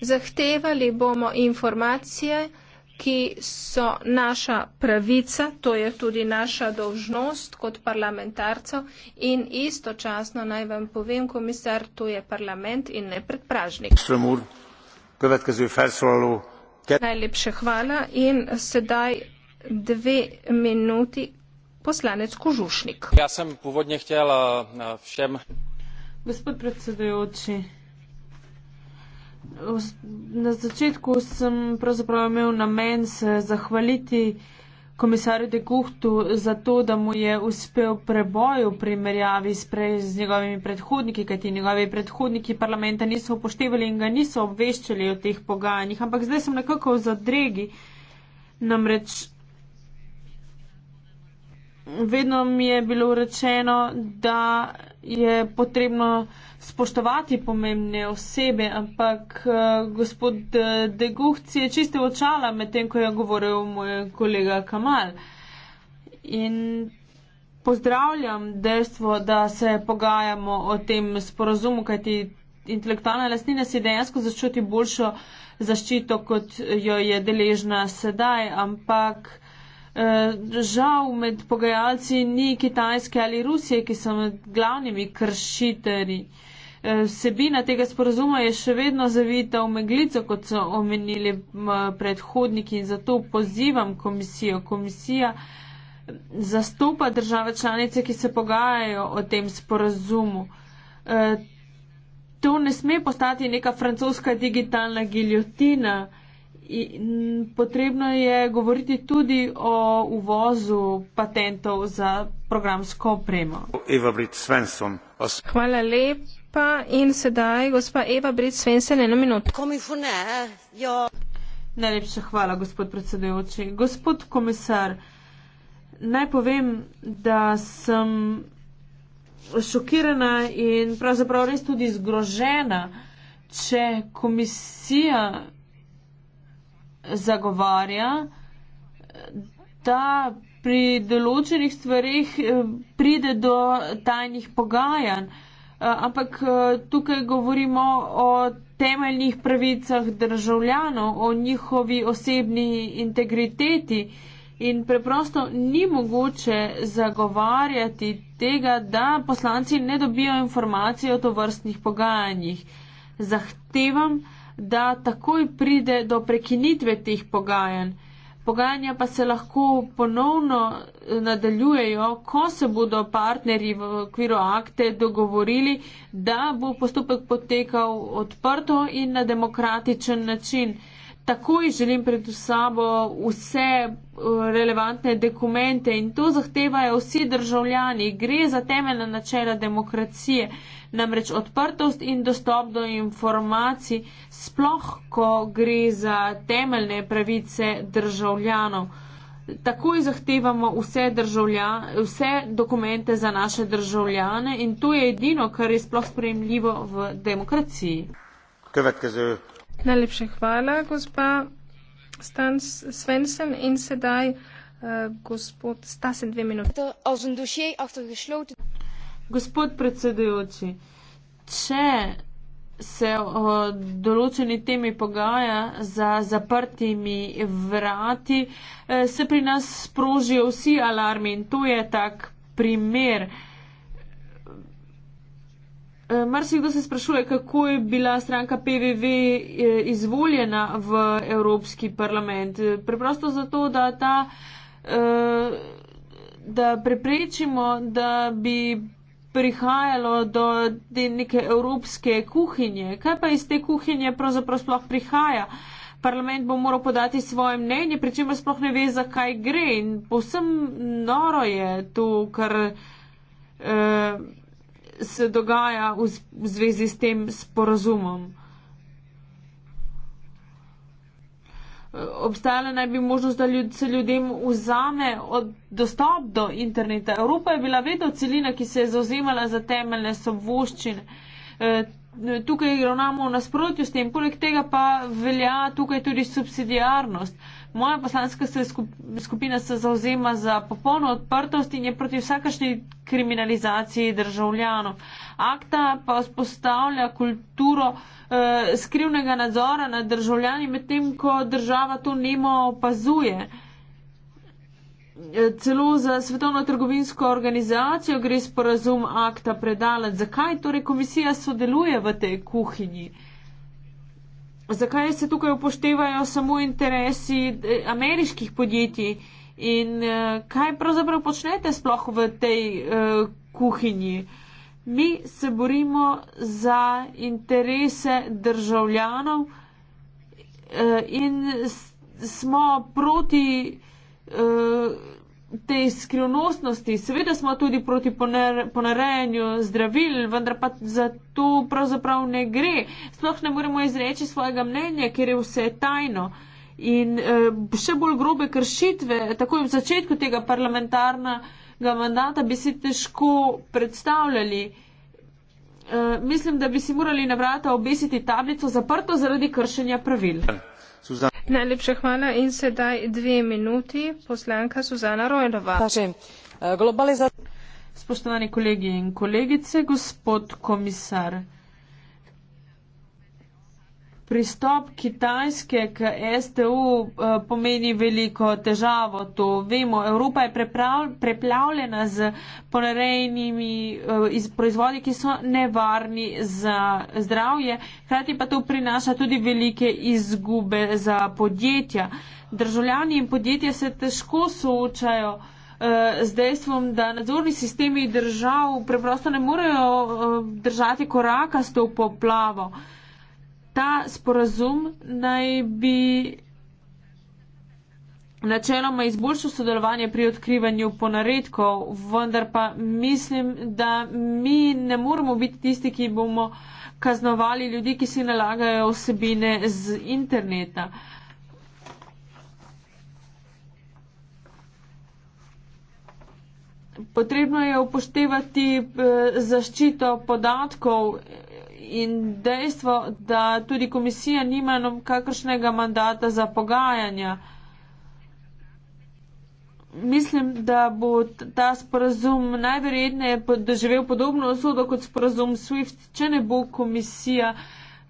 Zahtevali bomo informacije, ki so naša pravica, to je tudi naša dožnost kot parlamentarcev in istočasno naj vam povem, komisar, to je parlament in ne predpražnik. Najlepše hvala in sedaj dve minuti poslanec Kožušnik. Ja sem povodnje htjela eh, eh, všem. Gospod predsedujoči, Na začetku sem pravzaprav imel namen se zahvaliti komisarju de Guhtu za to, da mu je uspel preboj v primerjavi s, pre, z njegovimi predhodniki, kajti njegovi predhodniki parlamenta niso upoštevali in ga niso obveščali o teh pogajanjih. Ampak zdaj sem nekako v zadregi. Namreč vedno mi je bilo rečeno, da je potrebno spoštovati pomembne osebe, ampak eh, gospod eh, Deguhc je čiste očala med tem, ko je govoril moj kolega Kamal. In pozdravljam dejstvo, da se pogajamo o tem sporozumu, kajti intelektualna lastnina si dejansko začuti boljšo zaščito, kot jo je deležna sedaj, ampak eh, Žal med pogajalci ni Kitajske ali Rusije, ki so med glavnimi kršitelji. Vsebina tega sporozuma je še vedno zavita v meglico, kot so omenili predhodniki in zato pozivam komisijo. Komisija zastopa države članice, ki se pogajajo o tem sporozumu. E, to ne sme postati neka francoska digitalna giljotina. In potrebno je govoriti tudi o uvozu patentov za programsko opremo. Hvala lepa lepa. In sedaj gospa Eva Brit Svensen, eno minuto. Najlepša hvala, gospod predsedujoči. Gospod komisar, naj povem, da sem šokirana in pravzaprav res tudi zgrožena, če komisija zagovarja, da pri določenih stvarih eh, pride do tajnih pogajanj. Eh, ampak eh, tukaj govorimo o temeljnih pravicah državljanov, o njihovi osebni integriteti in preprosto ni mogoče zagovarjati tega, da poslanci ne dobijo informacije o tovrstnih pogajanjih. Zahtevam, da takoj pride do prekinitve teh pogajanj pogajanja pa se lahko ponovno eh, nadaljujejo, ko se bodo partnerji v okviru akte dogovorili, da bo postopek potekal odprto in na demokratičen način. Takoj želim pred sabo vse eh, relevantne dokumente in to zahtevajo vsi državljani. Gre za temeljna načela demokracije. Namreč odprtost in dostop do informacij, sploh ko gre za temeljne pravice državljanov. Takoj zahtevamo vse, vse dokumente za naše državljane in to je edino, kar je sploh sprejemljivo v demokraciji. Najlepše hvala, gospa Stans Svensen in sedaj uh, gospod Stasen dve minute. Gospod predsedujoči, če se o določeni temi pogaja za zaprtimi vrati, eh, se pri nas sprožijo vsi alarmi in to je tak primer. Eh, Mar si kdo se sprašuje, kako je bila stranka PVV eh, izvoljena v Evropski parlament? Preprosto zato, da, ta, da preprečimo, da bi prihajalo do neke evropske kuhinje. Kaj pa iz te kuhinje pravzaprav sploh prihaja? Parlament bo moral podati svoje mnenje, pri čemer sploh ne ve, zakaj gre. In posem noro je to, kar eh, se dogaja v, v zvezi s tem sporazumom. obstajala naj bi možnost, da ljud, se ljudem vzame od dostop do interneta. Evropa je bila vedno celina, ki se je zauzemala za temeljne soboščine. E, tukaj ravnamo v nasprotju s tem, poleg tega pa velja tukaj tudi subsidijarnost. Moja poslanska skupina se zauzema za popolno odprtost in je proti vsakašnji kriminalizaciji državljanov. Akta pa vzpostavlja kulturo eh, skrivnega nadzora nad državljani, medtem ko država to nemo opazuje. Eh, celo za svetovno trgovinsko organizacijo gre sporazum akta predalati. Zakaj torej komisija sodeluje v tej kuhinji? Eh, zakaj se tukaj upoštevajo samo interesi eh, ameriških podjetij in eh, kaj pravzaprav počnete sploh v tej eh, kuhinji. Mi se borimo za interese državljanov in smo proti te skrivnostnosti. Seveda smo tudi proti ponarejanju zdravil, vendar pa za to pravzaprav ne gre. Sploh ne moremo izreči svojega mnenja, ker je vse tajno. In eh, še bolj grobe kršitve, takoj v začetku tega parlamentarnega mandata bi si težko predstavljali. Eh, mislim, da bi si morali na vrata obesiti tablico zaprto zaradi kršenja pravil. Suzan. Najlepša hvala in sedaj dve minuti poslanka Suzana Rojlova. Eh, Spoštovani kolegi in kolegice, gospod komisar pristop Kitajske k STU eh, pomeni veliko težavo. To vemo, Evropa je preplavljena z ponarejnimi eh, proizvodi, ki so nevarni za zdravje, hkrati pa to prinaša tudi velike izgube za podjetja. Državljani in podjetja se težko soočajo eh, z dejstvom, da nadzorni sistemi držav preprosto ne morejo držati koraka s to poplavo ta sporazum naj bi načeloma izboljšal sodelovanje pri odkrivanju ponaredkov, vendar pa mislim, da mi ne moramo biti tisti, ki bomo kaznovali ljudi, ki si nalagajo osebine z interneta. Potrebno je upoštevati eh, zaščito podatkov in dejstvo, da tudi komisija nima nam kakršnega mandata za pogajanja. Mislim, da bo ta sporazum najverjetneje doživel podobno osodo kot sporazum SWIFT, če ne bo komisija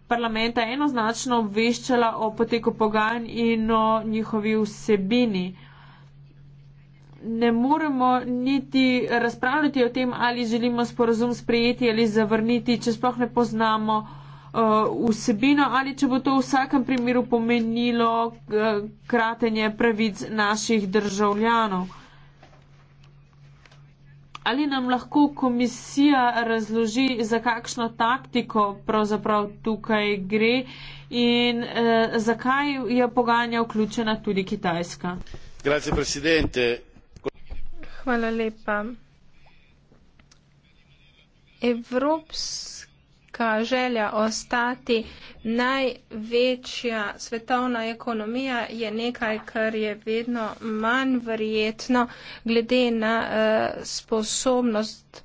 parlamenta enoznačno obveščala o poteku pogajanj in o njihovi vsebini ne moremo niti razpravljati o tem, ali želimo sporazum sprejeti ali zavrniti, če sploh ne poznamo uh, vsebino ali če bo to v vsakem primeru pomenilo uh, kratenje pravic naših državljanov. Ali nam lahko komisija razloži, za kakšno taktiko pravzaprav tukaj gre in eh, zakaj je pogajanja vključena tudi Kitajska? Grazie, Presidente. Hvala lepa. Evropska želja ostati največja svetovna ekonomija je nekaj, kar je vedno manj verjetno glede na uh, sposobnost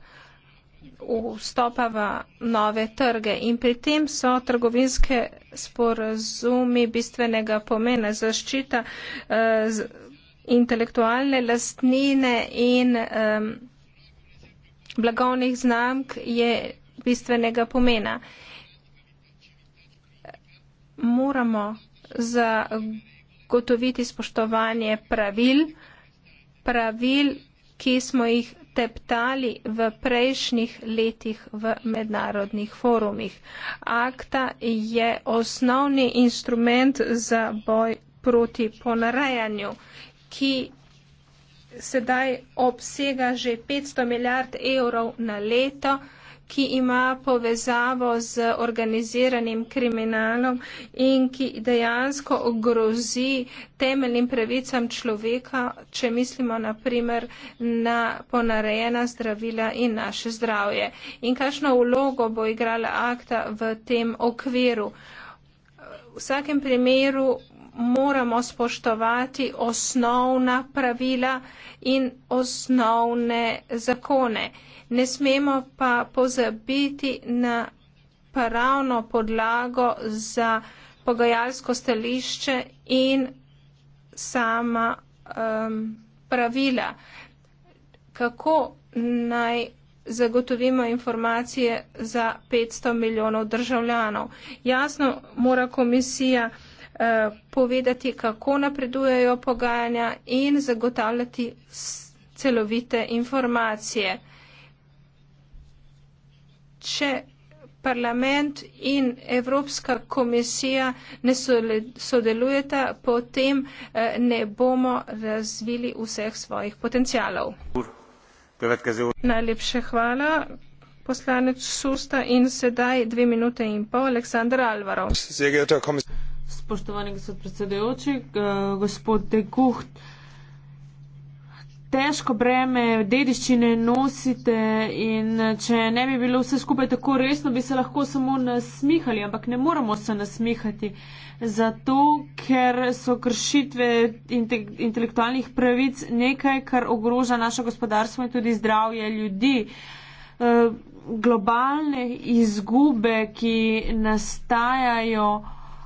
vstopa v nove trge. In pri tem so trgovinske sporazumi bistvenega pomena zaščita. Uh, z, intelektualne lastnine in um, blagovnih znamk je bistvenega pomena. Moramo zagotoviti spoštovanje pravil, pravil, ki smo jih teptali v prejšnjih letih v mednarodnih forumih. Akta je osnovni instrument za boj proti ponarejanju ki sedaj obsega že 500 milijard evrov na leto, ki ima povezavo z organiziranim kriminalom in ki dejansko ogrozi temeljnim pravicam človeka, če mislimo naprimer na ponarejena zdravila in naše zdravje. In kakšno vlogo bo igrala akta v tem okviru? V vsakem primeru moramo spoštovati osnovna pravila in osnovne zakone. Ne smemo pa pozabiti na pravno podlago za pogajalsko stališče in sama um, pravila. Kako naj zagotovimo informacije za 500 milijonov državljanov. Jasno, mora komisija Eh, povedati, kako napredujejo pogajanja in zagotavljati celovite informacije. Če parlament in Evropska komisija ne sodelujeta, potem eh, ne bomo razvili vseh svojih potencijalov. Najlepše hvala, poslanec Susta. In sedaj dve minute in pol, Aleksandar Alvaro spoštovani gospod predsedajoči, gospod Dekuh. Težko breme dediščine nosite in če ne bi bilo vse skupaj tako resno, bi se lahko samo nasmihali, ampak ne moramo se nasmihati. Zato, ker so kršitve intelektualnih pravic nekaj, kar ogroža naše gospodarstvo in tudi zdravje ljudi. E, globalne izgube, ki nastajajo.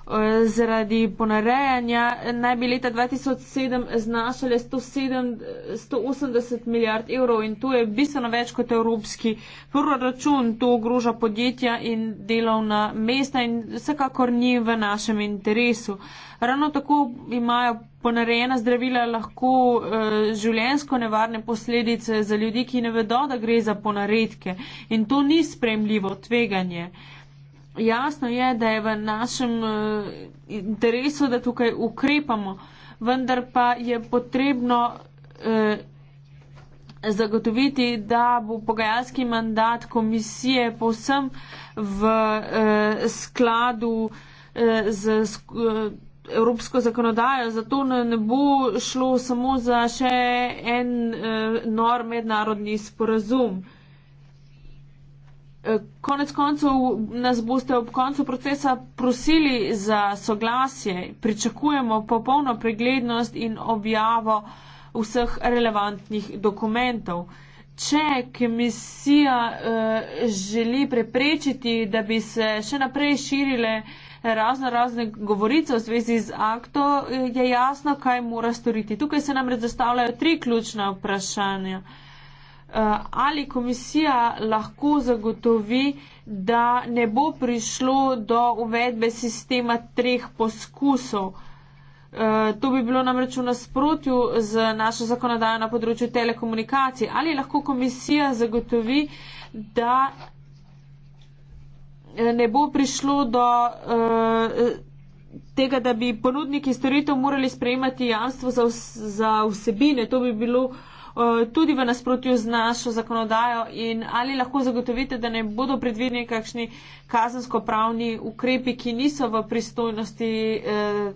Eh, zaradi ponarejanja eh, naj bi leta 2007 znašale 107, 180 eh, milijard evrov in to je bistveno več kot evropski proračun. To ogroža podjetja in delovna mesta in vsekakor ni v našem interesu. Ravno tako imajo ponarejena zdravila lahko eh, življensko nevarne posledice za ljudi, ki ne vedo, da gre za ponaredke in to ni spremljivo tveganje. Eh, jasno je, da je v našem eh, interesu, da tukaj ukrepamo, vendar pa je potrebno eh, zagotoviti, da bo pogajalski mandat komisije povsem v eh, skladu z evropsko zakonodajo, zato ne bo šlo samo za še en nor mednarodni sporazum konec koncev nas boste ob koncu procesa prosili za soglasje. Pričakujemo popolno preglednost in objavo vseh relevantnih dokumentov. Če komisija eh, želi preprečiti, da bi se še naprej širile razno razne govorice v zvezi z akto, eh, je jasno, kaj mora storiti. Tukaj se namreč zastavljajo tri ključna vprašanja. Eh, Eh, ali komisija lahko zagotovi, da ne bo prišlo do uvedbe sistema treh poskusov. Eh, to bi bilo namreč v nasprotju z našo zakonodajo na področju telekomunikacij. Ali lahko komisija zagotovi, da eh, ne bo prišlo do tega, da bi ponudniki storitev morali sprejemati jamstvo za, vs za vsebine. To bi bilo Eh, tudi v nasprotju z našo zakonodajo in ali lahko zagotovite, da ne bodo predvideni kakšni kazensko-pravni ukrepi, ki niso v pristojnosti eh,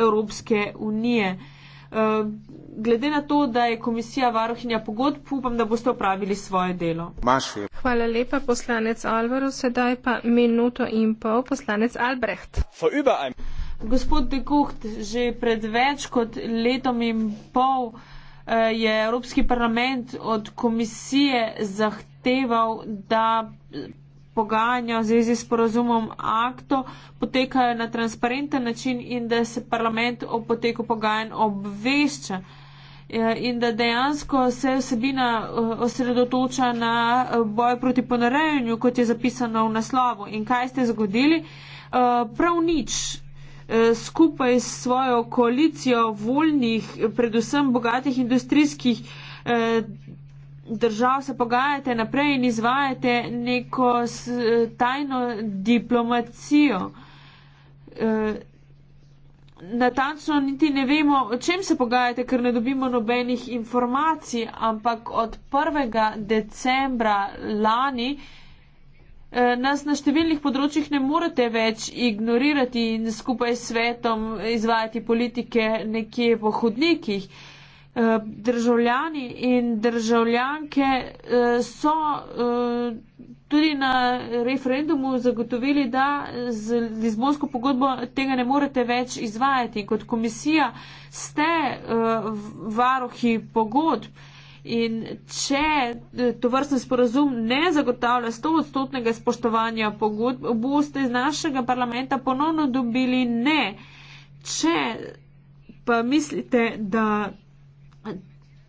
Evropske unije. Eh, glede na to, da je komisija varohinja pogodb, upam, da boste opravili svoje delo. Maši. Hvala lepa, poslanec Alvaro. Sedaj pa minuto in pol, poslanec Albrecht. Gospod Dekuht, že pred več kot letom in pol. Eh, je Evropski parlament od komisije zahteval, da pogajanja v zvezi s porazumom akto potekajo na transparenten način in da se parlament o poteku pogajanj obvešča eh, in da dejansko se vsebina eh, osredotoča na boj proti ponarejanju, kot je zapisano v naslovu. In kaj ste zgodili? Prav nič. Eh, skupaj s svojo koalicijo voljnih, predvsem bogatih industrijskih eh, držav se pogajate naprej in izvajate neko eh, tajno diplomacijo. Natančno niti ne vemo, o čem se pogajate, ker ne dobimo nobenih informacij, ampak od 1. decembra lani Eh, nas na številnih področjih ne morete več ignorirati in skupaj s svetom izvajati politike nekje po hodnikih. Eh, državljani in državljanke eh, so tudi na referendumu zagotovili, da z Lizbonsko pogodbo tega ne morete več izvajati. Kot komisija ste varohi pogodb. In če eh, to vrstni sporazum ne zagotavlja 100-odstotnega spoštovanja pogodb, boste iz našega parlamenta ponovno dobili ne. Če pa mislite, da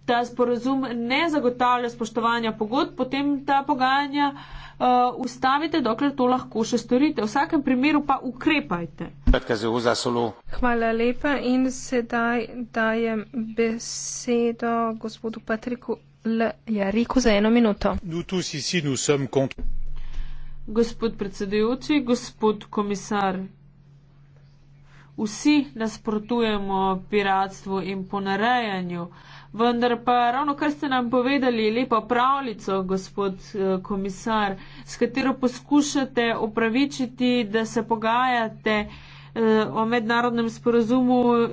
ta sporozum ne zagotavlja spoštovanja pogod, potem ta pogajanja uh, ustavite, dokler to lahko še storite. V vsakem primeru pa ukrepajte. Hvala lepa in sedaj dajem besedo gospodu Patriku Ljariku za eno minuto. Gospod predsedujoči, gospod komisar. Vsi nasprotujemo piratstvu in ponarejanju. Uh, Vendar pa ravno kar ste nam povedali, lepa pravljica, gospod eh, komisar, s katero poskušate upravičiti, da se pogajate eh, o mednarodnem sporozumu eh,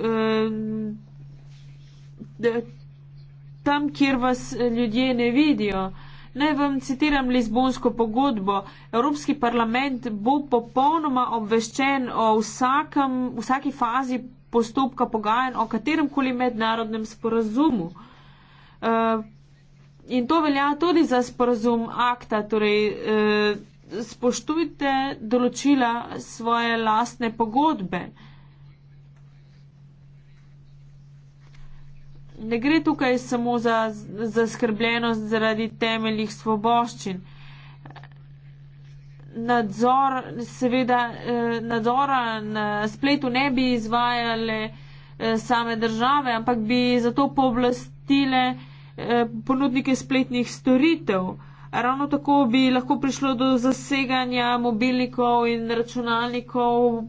tam, kjer vas ljudje ne vidijo. Naj vam citiram Lizbonsko pogodbo. Evropski parlament bo popolnoma obveščen o vsakem, vsaki fazi postopka pogajanj o katerem koli mednarodnem sporazumu. Eh, in to velja tudi za sporazum akta, torej eh, spoštujte določila svoje lastne pogodbe. Ne gre tukaj samo za zaskrbljenost zaradi temeljih svoboščin nadzor, seveda eh, nadzora na spletu ne bi izvajale eh, same države, ampak bi zato pooblastile eh, ponudnike spletnih storitev. Ravno tako bi lahko prišlo do zaseganja mobilnikov in računalnikov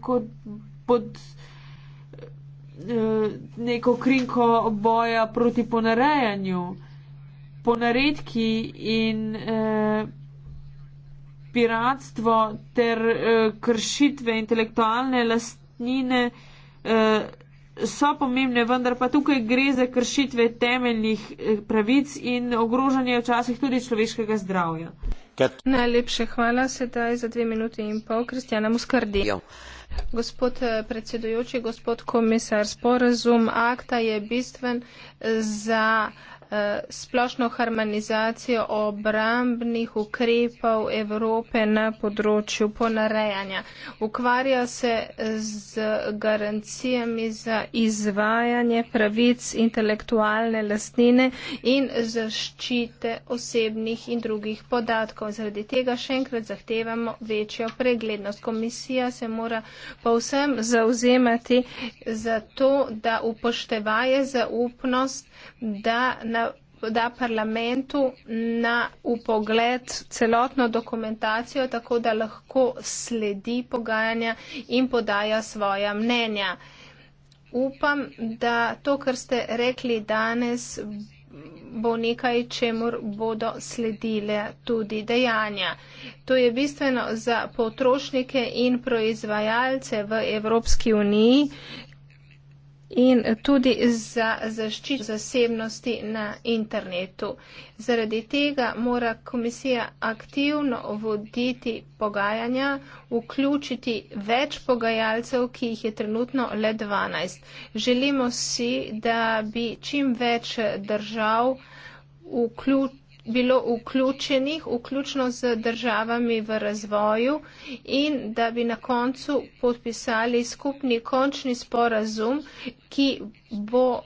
kot pod neko krinko boja proti ponarejanju, ponaredki in eh, piratstvo ter eh, kršitve intelektualne lastnine eh, so pomembne, vendar pa tukaj gre za kršitve temeljnih eh, pravic in ogrožanje včasih tudi človeškega zdravja. Najlepše hvala sedaj za dve minuti in pol, Kristjana Muskardi. Ja. Gospod predsedujoči, gospod komisar, sporazum akta je bistven za uh, Eh, splošno harmonizacijo obrambnih ukrepov Evrope na področju ponarejanja. Ukvarja se z garancijami za izvajanje pravic intelektualne lastnine in zaščite osebnih in drugih podatkov. Zaradi tega še enkrat zahtevamo večjo preglednost. Komisija se mora pa vsem zauzemati za to, da upoštevaje zaupnost, da na da parlamentu na upogled celotno dokumentacijo, tako da lahko sledi pogajanja in podaja svoja mnenja. Upam, da to, kar ste rekli danes, bo nekaj, čemur bodo sledile tudi dejanja. To je bistveno za potrošnike in proizvajalce v Evropski uniji, in tudi za zaščito zasebnosti na internetu. Zaradi tega mora komisija aktivno voditi pogajanja, vključiti več pogajalcev, ki jih je trenutno le 12. Želimo si, da bi čim več držav vključili bilo vključenih, vključno z državami v razvoju in da bi na koncu podpisali skupni končni sporazum, ki bo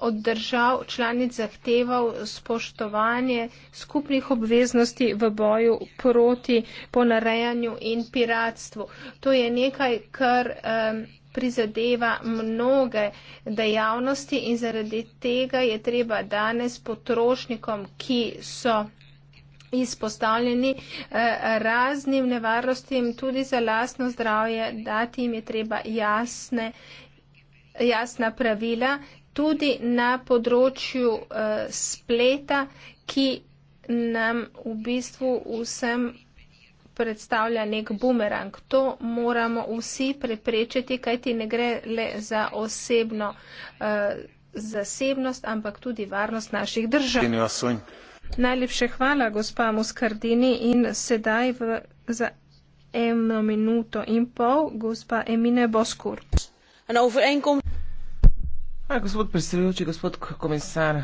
od držav članic zahteval spoštovanje skupnih obveznosti v boju proti ponarejanju in piratstvu. To je nekaj, kar. Um, prizadeva mnoge dejavnosti in zaradi tega je treba danes potrošnikom, ki so izpostavljeni eh, raznim nevarnostim tudi za lastno zdravje, dati jim je treba jasne, jasna pravila tudi na področju eh, spleta, ki nam v bistvu vsem predstavlja nek bumerang. To moramo vsi preprečiti, kajti ne gre le za osebno uh, zasebnost, ampak tudi varnost naših držav. Najlepše hvala, gospa Muskardini. In sedaj v, za eno minuto in pol, gospa Emine Boskur. Gospod predsedujoči, gospod komisar,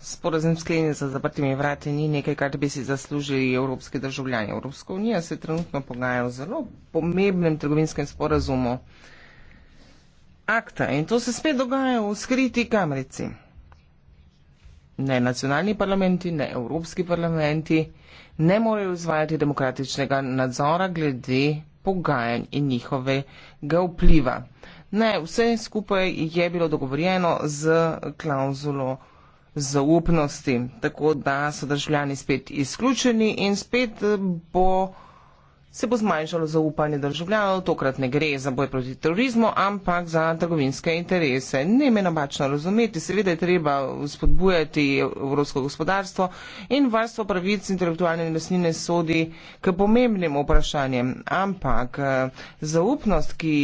sporozum sklenjen za zaprtimi vrati ni nekaj, kar bi si zaslužili evropski državljani. Evropska unija se trenutno pogaja o zelo pomembnem trgovinskem sporazumu akta in to se spet dogaja v skriti kamerici. Ne nacionalni parlamenti, ne evropski parlamenti ne morejo izvajati demokratičnega nadzora glede pogajanj in njihovega vpliva. Ne, vse skupaj je bilo dogovorjeno z klauzulo zaupnosti. Tako da so državljani spet izključeni in spet eh, bo, se bo zmanjšalo zaupanje državljanov. Tokrat ne gre za boj proti terorizmu, ampak za trgovinske interese. Ne me nabačno razumeti, seveda je treba spodbujati evropsko gospodarstvo in varstvo pravic intelektualne lasnine sodi k pomembnim vprašanjem. Ampak eh, zaupnost, ki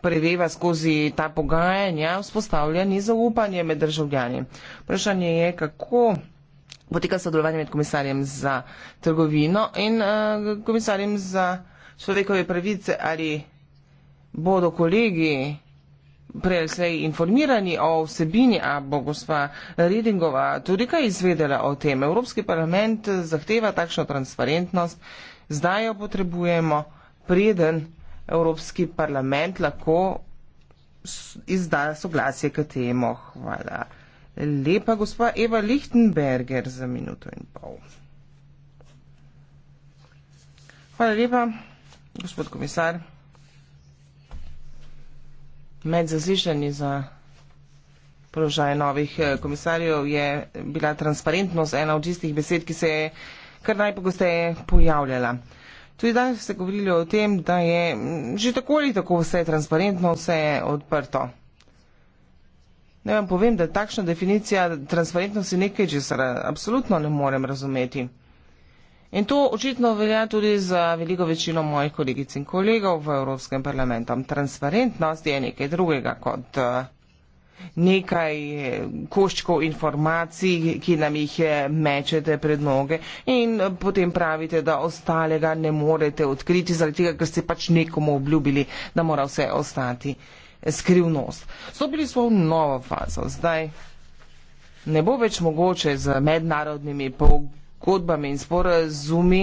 preveva skozi ta pogajanja, vzpostavlja nezaupanje med državljani. Vprašanje je, kako poteka sodelovanje med komisarjem za trgovino in uh, komisarjem za človekove pravice, ali bodo kolegi prej se informirani o vsebini, a bo gospa Ridingova tudi kaj izvedela o tem. Evropski parlament zahteva takšno transparentnost, zdaj jo potrebujemo, preden Evropski parlament lahko izda soglasje k temu. Hvala. Lepa gospa Eva Lichtenberger za minuto in pol. Hvala lepa, gospod komisar. Med zaslišanji za položaj novih eh, komisarjev je bila transparentnost ena od tistih besed, ki se je kar najpogosteje pojavljala. Tudi danes ste govorili o tem, da je že tako ali tako vse transparentno, vse je odprto. Ne vam povem, da takšna definicija transparentnosti nekaj, če se absolutno ne morem razumeti. In to očitno velja tudi za veliko večino mojih kolegic in kolegov v Evropskem parlamentu. Transparentnost je nekaj drugega kot uh, nekaj eh, koščkov informacij, ki nam jih eh, mečete pred noge in eh, potem pravite, da ostalega ne morete odkriti, zaradi tega, ker ste pač nekomu obljubili, da mora vse ostati skrivnost. Stopili smo v novo fazo. Zdaj ne bo več mogoče z mednarodnimi pogodbami in sporazumi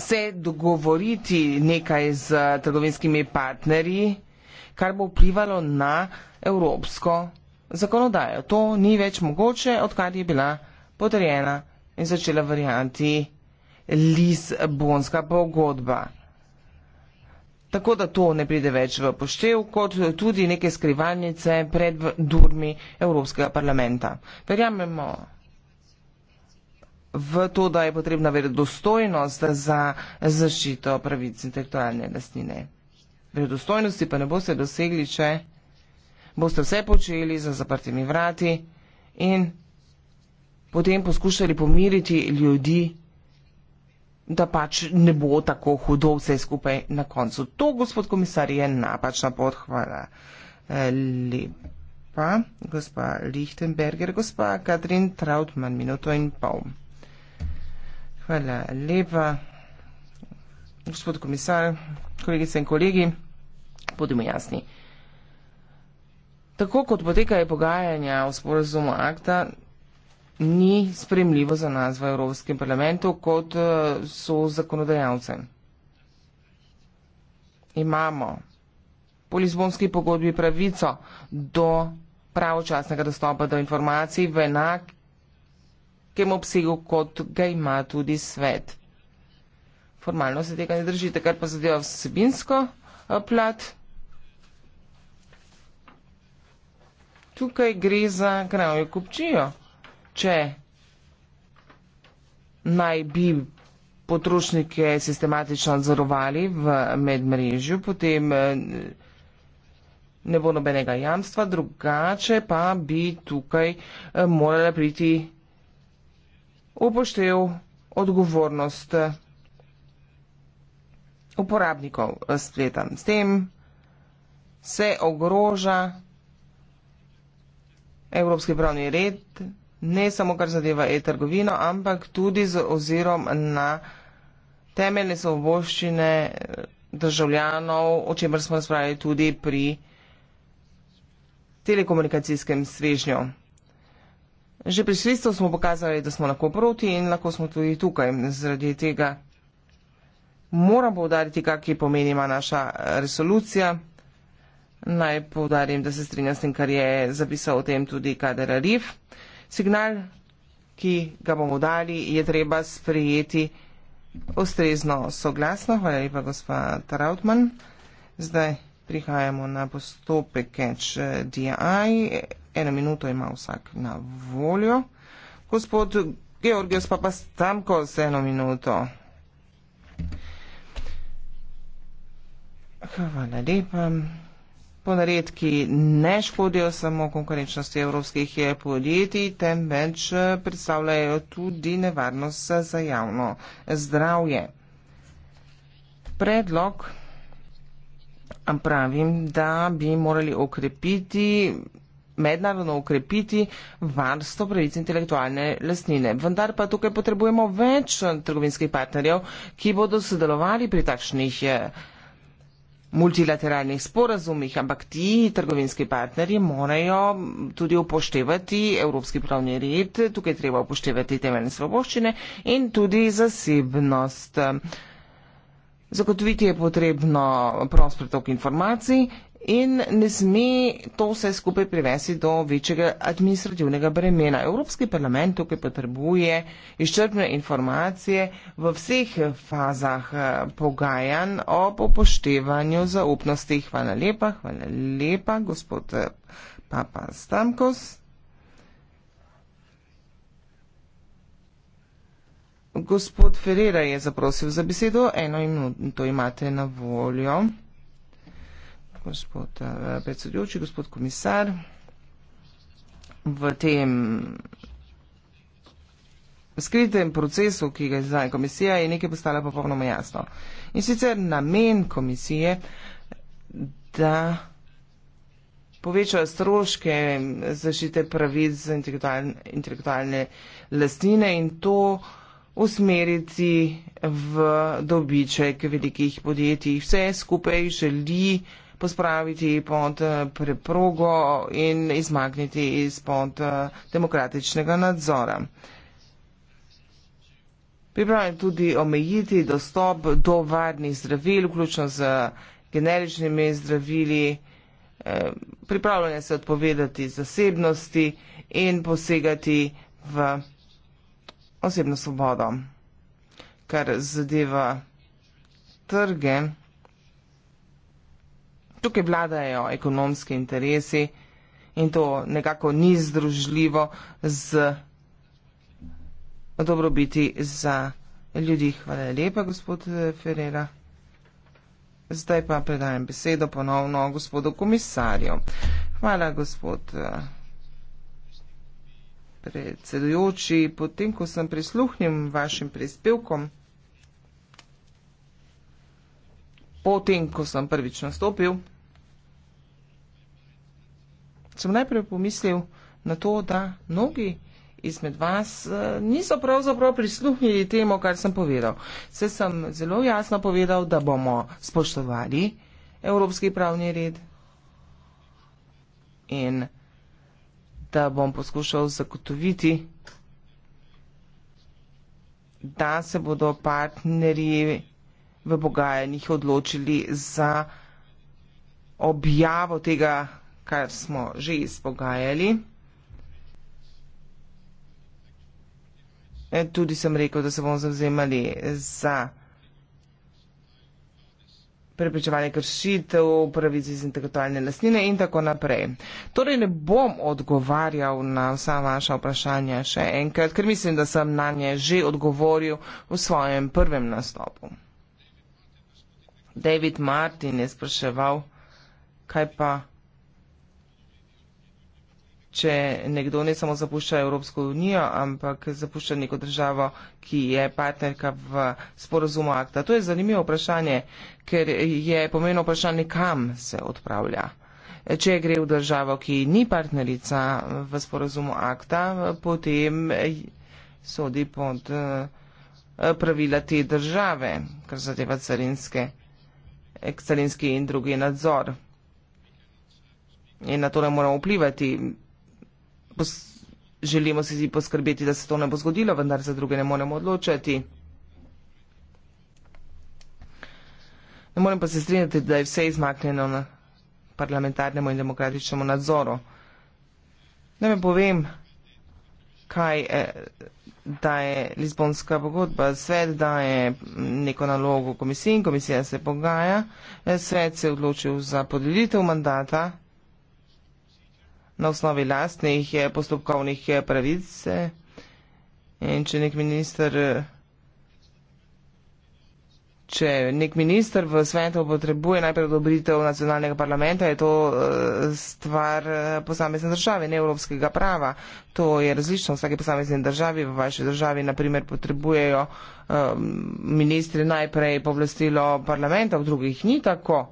se dogovoriti nekaj z trgovinskimi partnerji kar bo vplivalo na evropsko zakonodajo. To ni več mogoče, odkar je bila potrjena in začela varianti Lisbonska pogodba. Tako da to ne pride več v poštev, kot tudi neke skrivalnice pred durmi Evropskega parlamenta. Verjamemo v to, da je potrebna verodostojnost za zaščito pravic intelektualne lastnine. Vredostojnosti pa ne boste dosegli, če boste vse počeli za zaprtimi vrati in potem poskušali pomiriti ljudi, da pač ne bo tako hudo vse skupaj na koncu. To, gospod komisar, je napačna pot. Hvala eh, lepa, gospa Lichtenberger, gospa Katrin Trautmann, minuto in pol. Hvala lepa gospod komisar, kolegice in kolegi, bodimo jasni. Tako kot potekajo pogajanja o sporazumu akta, ni spremljivo za nas v Evropskem parlamentu kot eh, so zakonodajalce. Imamo po Lizbonski pogodbi pravico do pravočasnega dostopa do informacij v enakem obsegu, kot ga ima tudi svet formalno se tega ne držite, kar pa zadeva vsebinsko eh, plat. Tukaj gre za kravjo kupčijo. Če naj bi potrošnike sistematično odzorovali v medmrežju, potem eh, ne bo nobenega jamstva, drugače pa bi tukaj eh, morala priti upoštev odgovornost vsebinsko uporabnikov eh, spleta. S tem se ogroža evropski pravni red, ne samo kar zadeva e-trgovino, ampak tudi z ozirom na temeljne svoboščine eh, državljanov, o čemer smo razpravljali tudi pri telekomunikacijskem svežnju. Že pri švistvu smo pokazali, da smo lahko proti in lahko smo tudi tukaj zaradi tega Moram povdariti, kakšen pomen ima naša eh, resolucija. Naj povdarim, da se strinjam s tem, kar je zapisal o tem tudi Kader Arif. Signal, ki ga bomo dali, je treba sprejeti ustrezno soglasno. Hvala lepa, gospa Trautmann. Zdaj prihajamo na postopek Catch DI. Eh, eno minuto ima vsak na voljo. Gospod Georgios Papastamko, z eno minuto. Hvala lepa. Ponaredki ne škodijo samo konkurenčnosti evropskih podjetij, temveč eh, predstavljajo tudi nevarnost za javno zdravje. Predlog pravim, da bi morali okrepiti, mednarodno okrepiti varstvo pravic intelektualne lastnine. Vendar pa tukaj potrebujemo več trgovinskih partnerjev, ki bodo sodelovali pri takšnih. Je, eh, multilateralnih sporazumih, ampak ti trgovinski partnerji morajo tudi upoštevati evropski pravni red, tukaj treba upoštevati temeljne svoboščine in tudi zasebnost. Zagotoviti je potrebno prost pretok informacij in ne sme to vse skupaj privesti do večjega administrativnega bremena. Evropski parlament tukaj potrebuje izčrpne informacije v vseh fazah eh, pogajanj o upoštevanju zaupnosti. Hvala lepa, hvala lepa, gospod eh, Papa Stamkos. Gospod Ferreira je zaprosil za besedo, eno minuto imate na voljo gospod eh, predsedujoči, gospod komisar. V tem skritem procesu, ki ga izdaja komisija, je nekaj postalo popolnoma jasno. In sicer namen komisije, da povečajo stroške zašite pravic za intelektualne, intelektualne lastnine in to usmeriti v dobiček velikih podjetij. Vse skupaj želi pospraviti pod eh, preprogo in izmakniti izpod eh, demokratičnega nadzora. Pripravljam tudi omejiti dostop do varnih zdravil, vključno z eh, generičnimi zdravili, pripravljanje se odpovedati zasebnosti in posegati v osebno svobodo. Kar zadeva trge, tukaj vladajo ekonomski interesi in to nekako ni združljivo z dobrobiti za ljudi. Hvala lepa, gospod Ferreira. Zdaj pa predajem besedo ponovno gospodu komisarju. Hvala, gospod eh, predsedujoči. Potem, ko sem prisluhnil vašim prispevkom, potem, ko sem prvič nastopil, sem najprej pomislil na to, da mnogi izmed vas eh, niso pravzaprav prisluhnili temu, kar sem povedal. Se sem zelo jasno povedal, da bomo spoštovali evropski pravni red in da bom poskušal zagotoviti, da se bodo partnerji v pogajanjih odločili za objavo tega, kar smo že izpogajali. E, tudi sem rekel, da se bomo zavzemali za preprečevanje kršitev, pravic iz intelektualne lastnine in tako naprej. Torej ne bom odgovarjal na vsa vaša vprašanja še enkrat, ker mislim, da sem na nje že odgovoril v svojem prvem nastopu. David Martin je spraševal, kaj pa, če nekdo ne samo zapušča Evropsko unijo, ampak zapušča neko državo, ki je partnerka v sporozumu akta. To je zanimivo vprašanje, ker je pomeno vprašanje, kam se odpravlja. Če gre v državo, ki ni partnerica v sporozumu akta, potem sodi pod eh, pravila te države, kar zadeva carinske ekscelinski in drugi nadzor. In na to ne moramo vplivati. Pos želimo si poskrbeti, da se to ne bo zgodilo, vendar za druge ne moremo odločati. Ne morem pa se strinjati, da je vse izmaknjeno na parlamentarnemu in demokratičnemu nadzoru. Ne me povem, kaj. Eh, da je Lizbonska pogodba. Svet daje neko nalogo komisiji in komisija se pogaja. Svet se je odločil za podelitev mandata na osnovi lastnih postopkovnih pravic. In če nek minister če nek minister v svetu potrebuje najprej odobritev nacionalnega parlamenta, je to eh, stvar eh, posamezne države, ne evropskega prava. To je različno v vsaki posamezni državi. V vaši državi, naprimer, potrebujejo eh, ministri najprej povlastilo parlamenta, v drugih ni tako.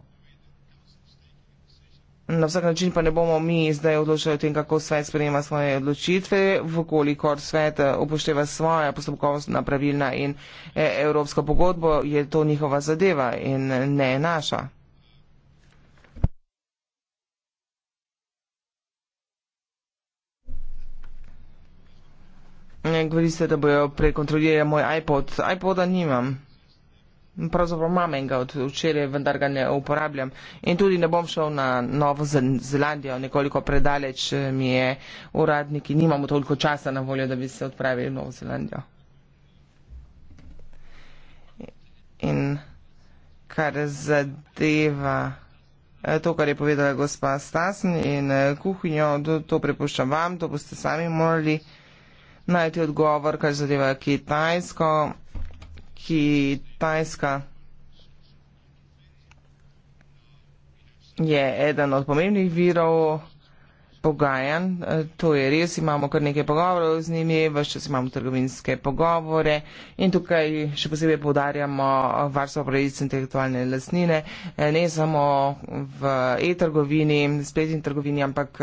Na vsak način pa ne bomo mi zdaj odločali o tem, kako svet sprejema svoje odločitve, vkolikor svet eh, upošteva svoja postopkovna pravilna in eh, evropsko pogodbo, je to njihova zadeva in eh, ne naša. Govorite, da bojo prekontrolirali moj iPod. iPoda nimam pravzaprav imam enega od včeraj, vendar ga ne uporabljam. In tudi ne bom šel na Novo Zelandijo, nekoliko predaleč eh, mi je uradnik in nimamo toliko časa na voljo, da bi se odpravili v Novo Zelandijo. In kar zadeva eh, to, kar je povedala gospa Stasen in eh, kuhinjo, to, to prepuščam vam, to boste sami morali najti odgovor, kar zadeva Kitajsko. Kitajska je eden od pomembnih virov pogajanj. To je res, imamo kar nekaj pogovorov z njimi, vse imamo trgovinske pogovore in tukaj še posebej povdarjamo varstvo pravic intelektualne lasnine, ne samo v e-trgovini, spletni trgovini, ampak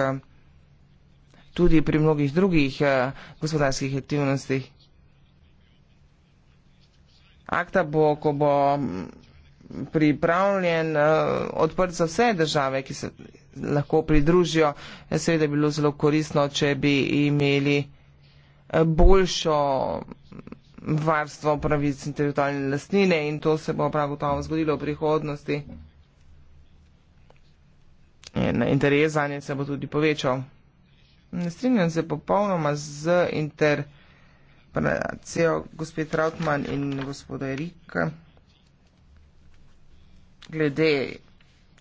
tudi pri mnogih drugih eh, gospodarskih aktivnostih akta bo, ko bo pripravljen, eh, odprt za vse države, ki se lahko pridružijo. Eh, seveda je bilo zelo koristno, če bi imeli eh, boljšo varstvo pravic in teritorijalne lastnine in to se bo prav gotovo zgodilo v prihodnosti. In interes za nje se bo tudi povečal. Ne strinjam se popolnoma z interesom interpelacijo gospe Trautmann in gospoda Erika glede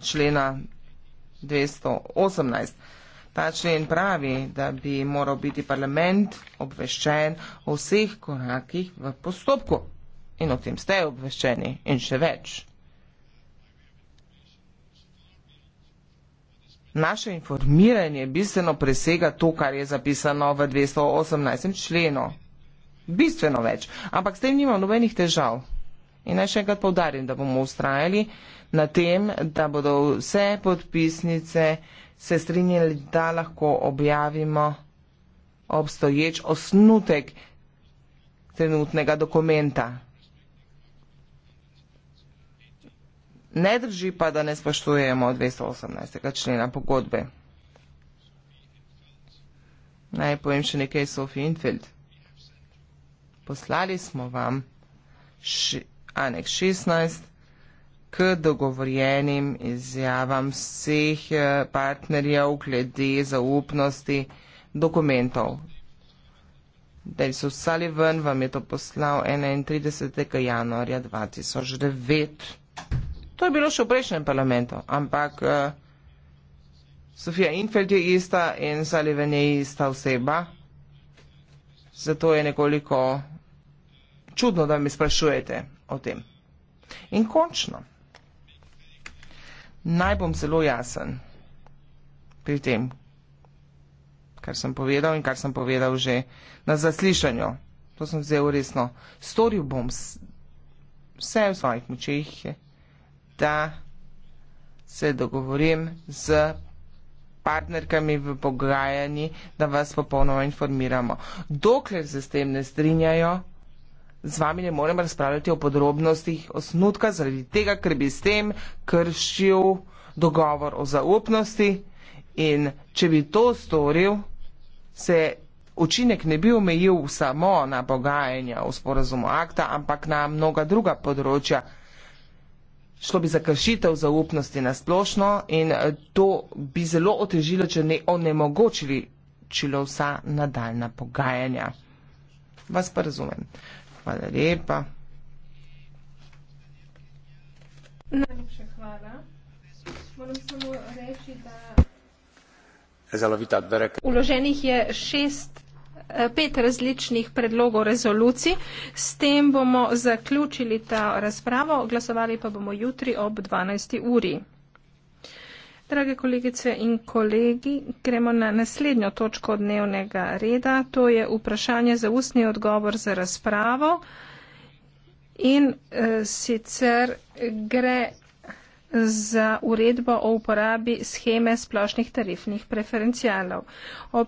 člena 218. Ta člen pravi, da bi moral biti parlament obveščen o vseh korakih v postopku. In o tem ste obveščeni in še več. Naše informiranje bistveno presega to, kar je zapisano v 218. členu bistveno več. Ampak s tem nimam nobenih težav. In naj še enkrat povdarim, da bomo ustrajali na tem, da bodo vse podpisnice se strinjali, da lahko objavimo obstoječ osnutek trenutnega dokumenta. Ne drži pa, da ne spoštujemo 218. člena pogodbe. Naj povem še nekaj Sofi Infeld poslali smo vam aneks 16 k dogovorjenim izjavam vseh eh, partnerjev glede zaupnosti dokumentov. Da so vsali ven, vam je to poslal 31. januarja 2009. To je bilo še v prejšnjem parlamentu, ampak uh, Sofija Infeld je ista in Sullivan je ista oseba. Zato je nekoliko čudno, da mi sprašujete o tem. In končno, naj bom zelo jasen pri tem, kar sem povedal in kar sem povedal že na zaslišanju. To sem vzel resno. Storil bom vse v svojih močeh, da se dogovorim z partnerkami v pogajanji, da vas popolnoma informiramo. Dokler se s tem ne strinjajo, z vami ne morem razpravljati o podrobnostih osnutka, zaradi tega, ker bi s tem kršil dogovor o zaupnosti in če bi to storil, se učinek ne bi omejil samo na pogajanja v sporazumu akta, ampak na mnoga druga področja, šlo bi za kršitev zaupnosti na splošno in eh, to bi zelo otežilo, če ne onemogočili čilo vsa nadaljna pogajanja. Vas pa razumem. Hvala lepa. Najlepša hvala. Moram samo reči, da Uloženih je šest, eh, pet različnih predlogov rezolucij. S tem bomo zaključili ta razpravo, glasovali pa bomo jutri ob 12. uri. Drage kolegice in kolegi, gremo na naslednjo točko dnevnega reda. To je vprašanje za ustni odgovor za razpravo. In e, sicer gre za uredbo o uporabi scheme splošnih tarifnih preferencialov. Ob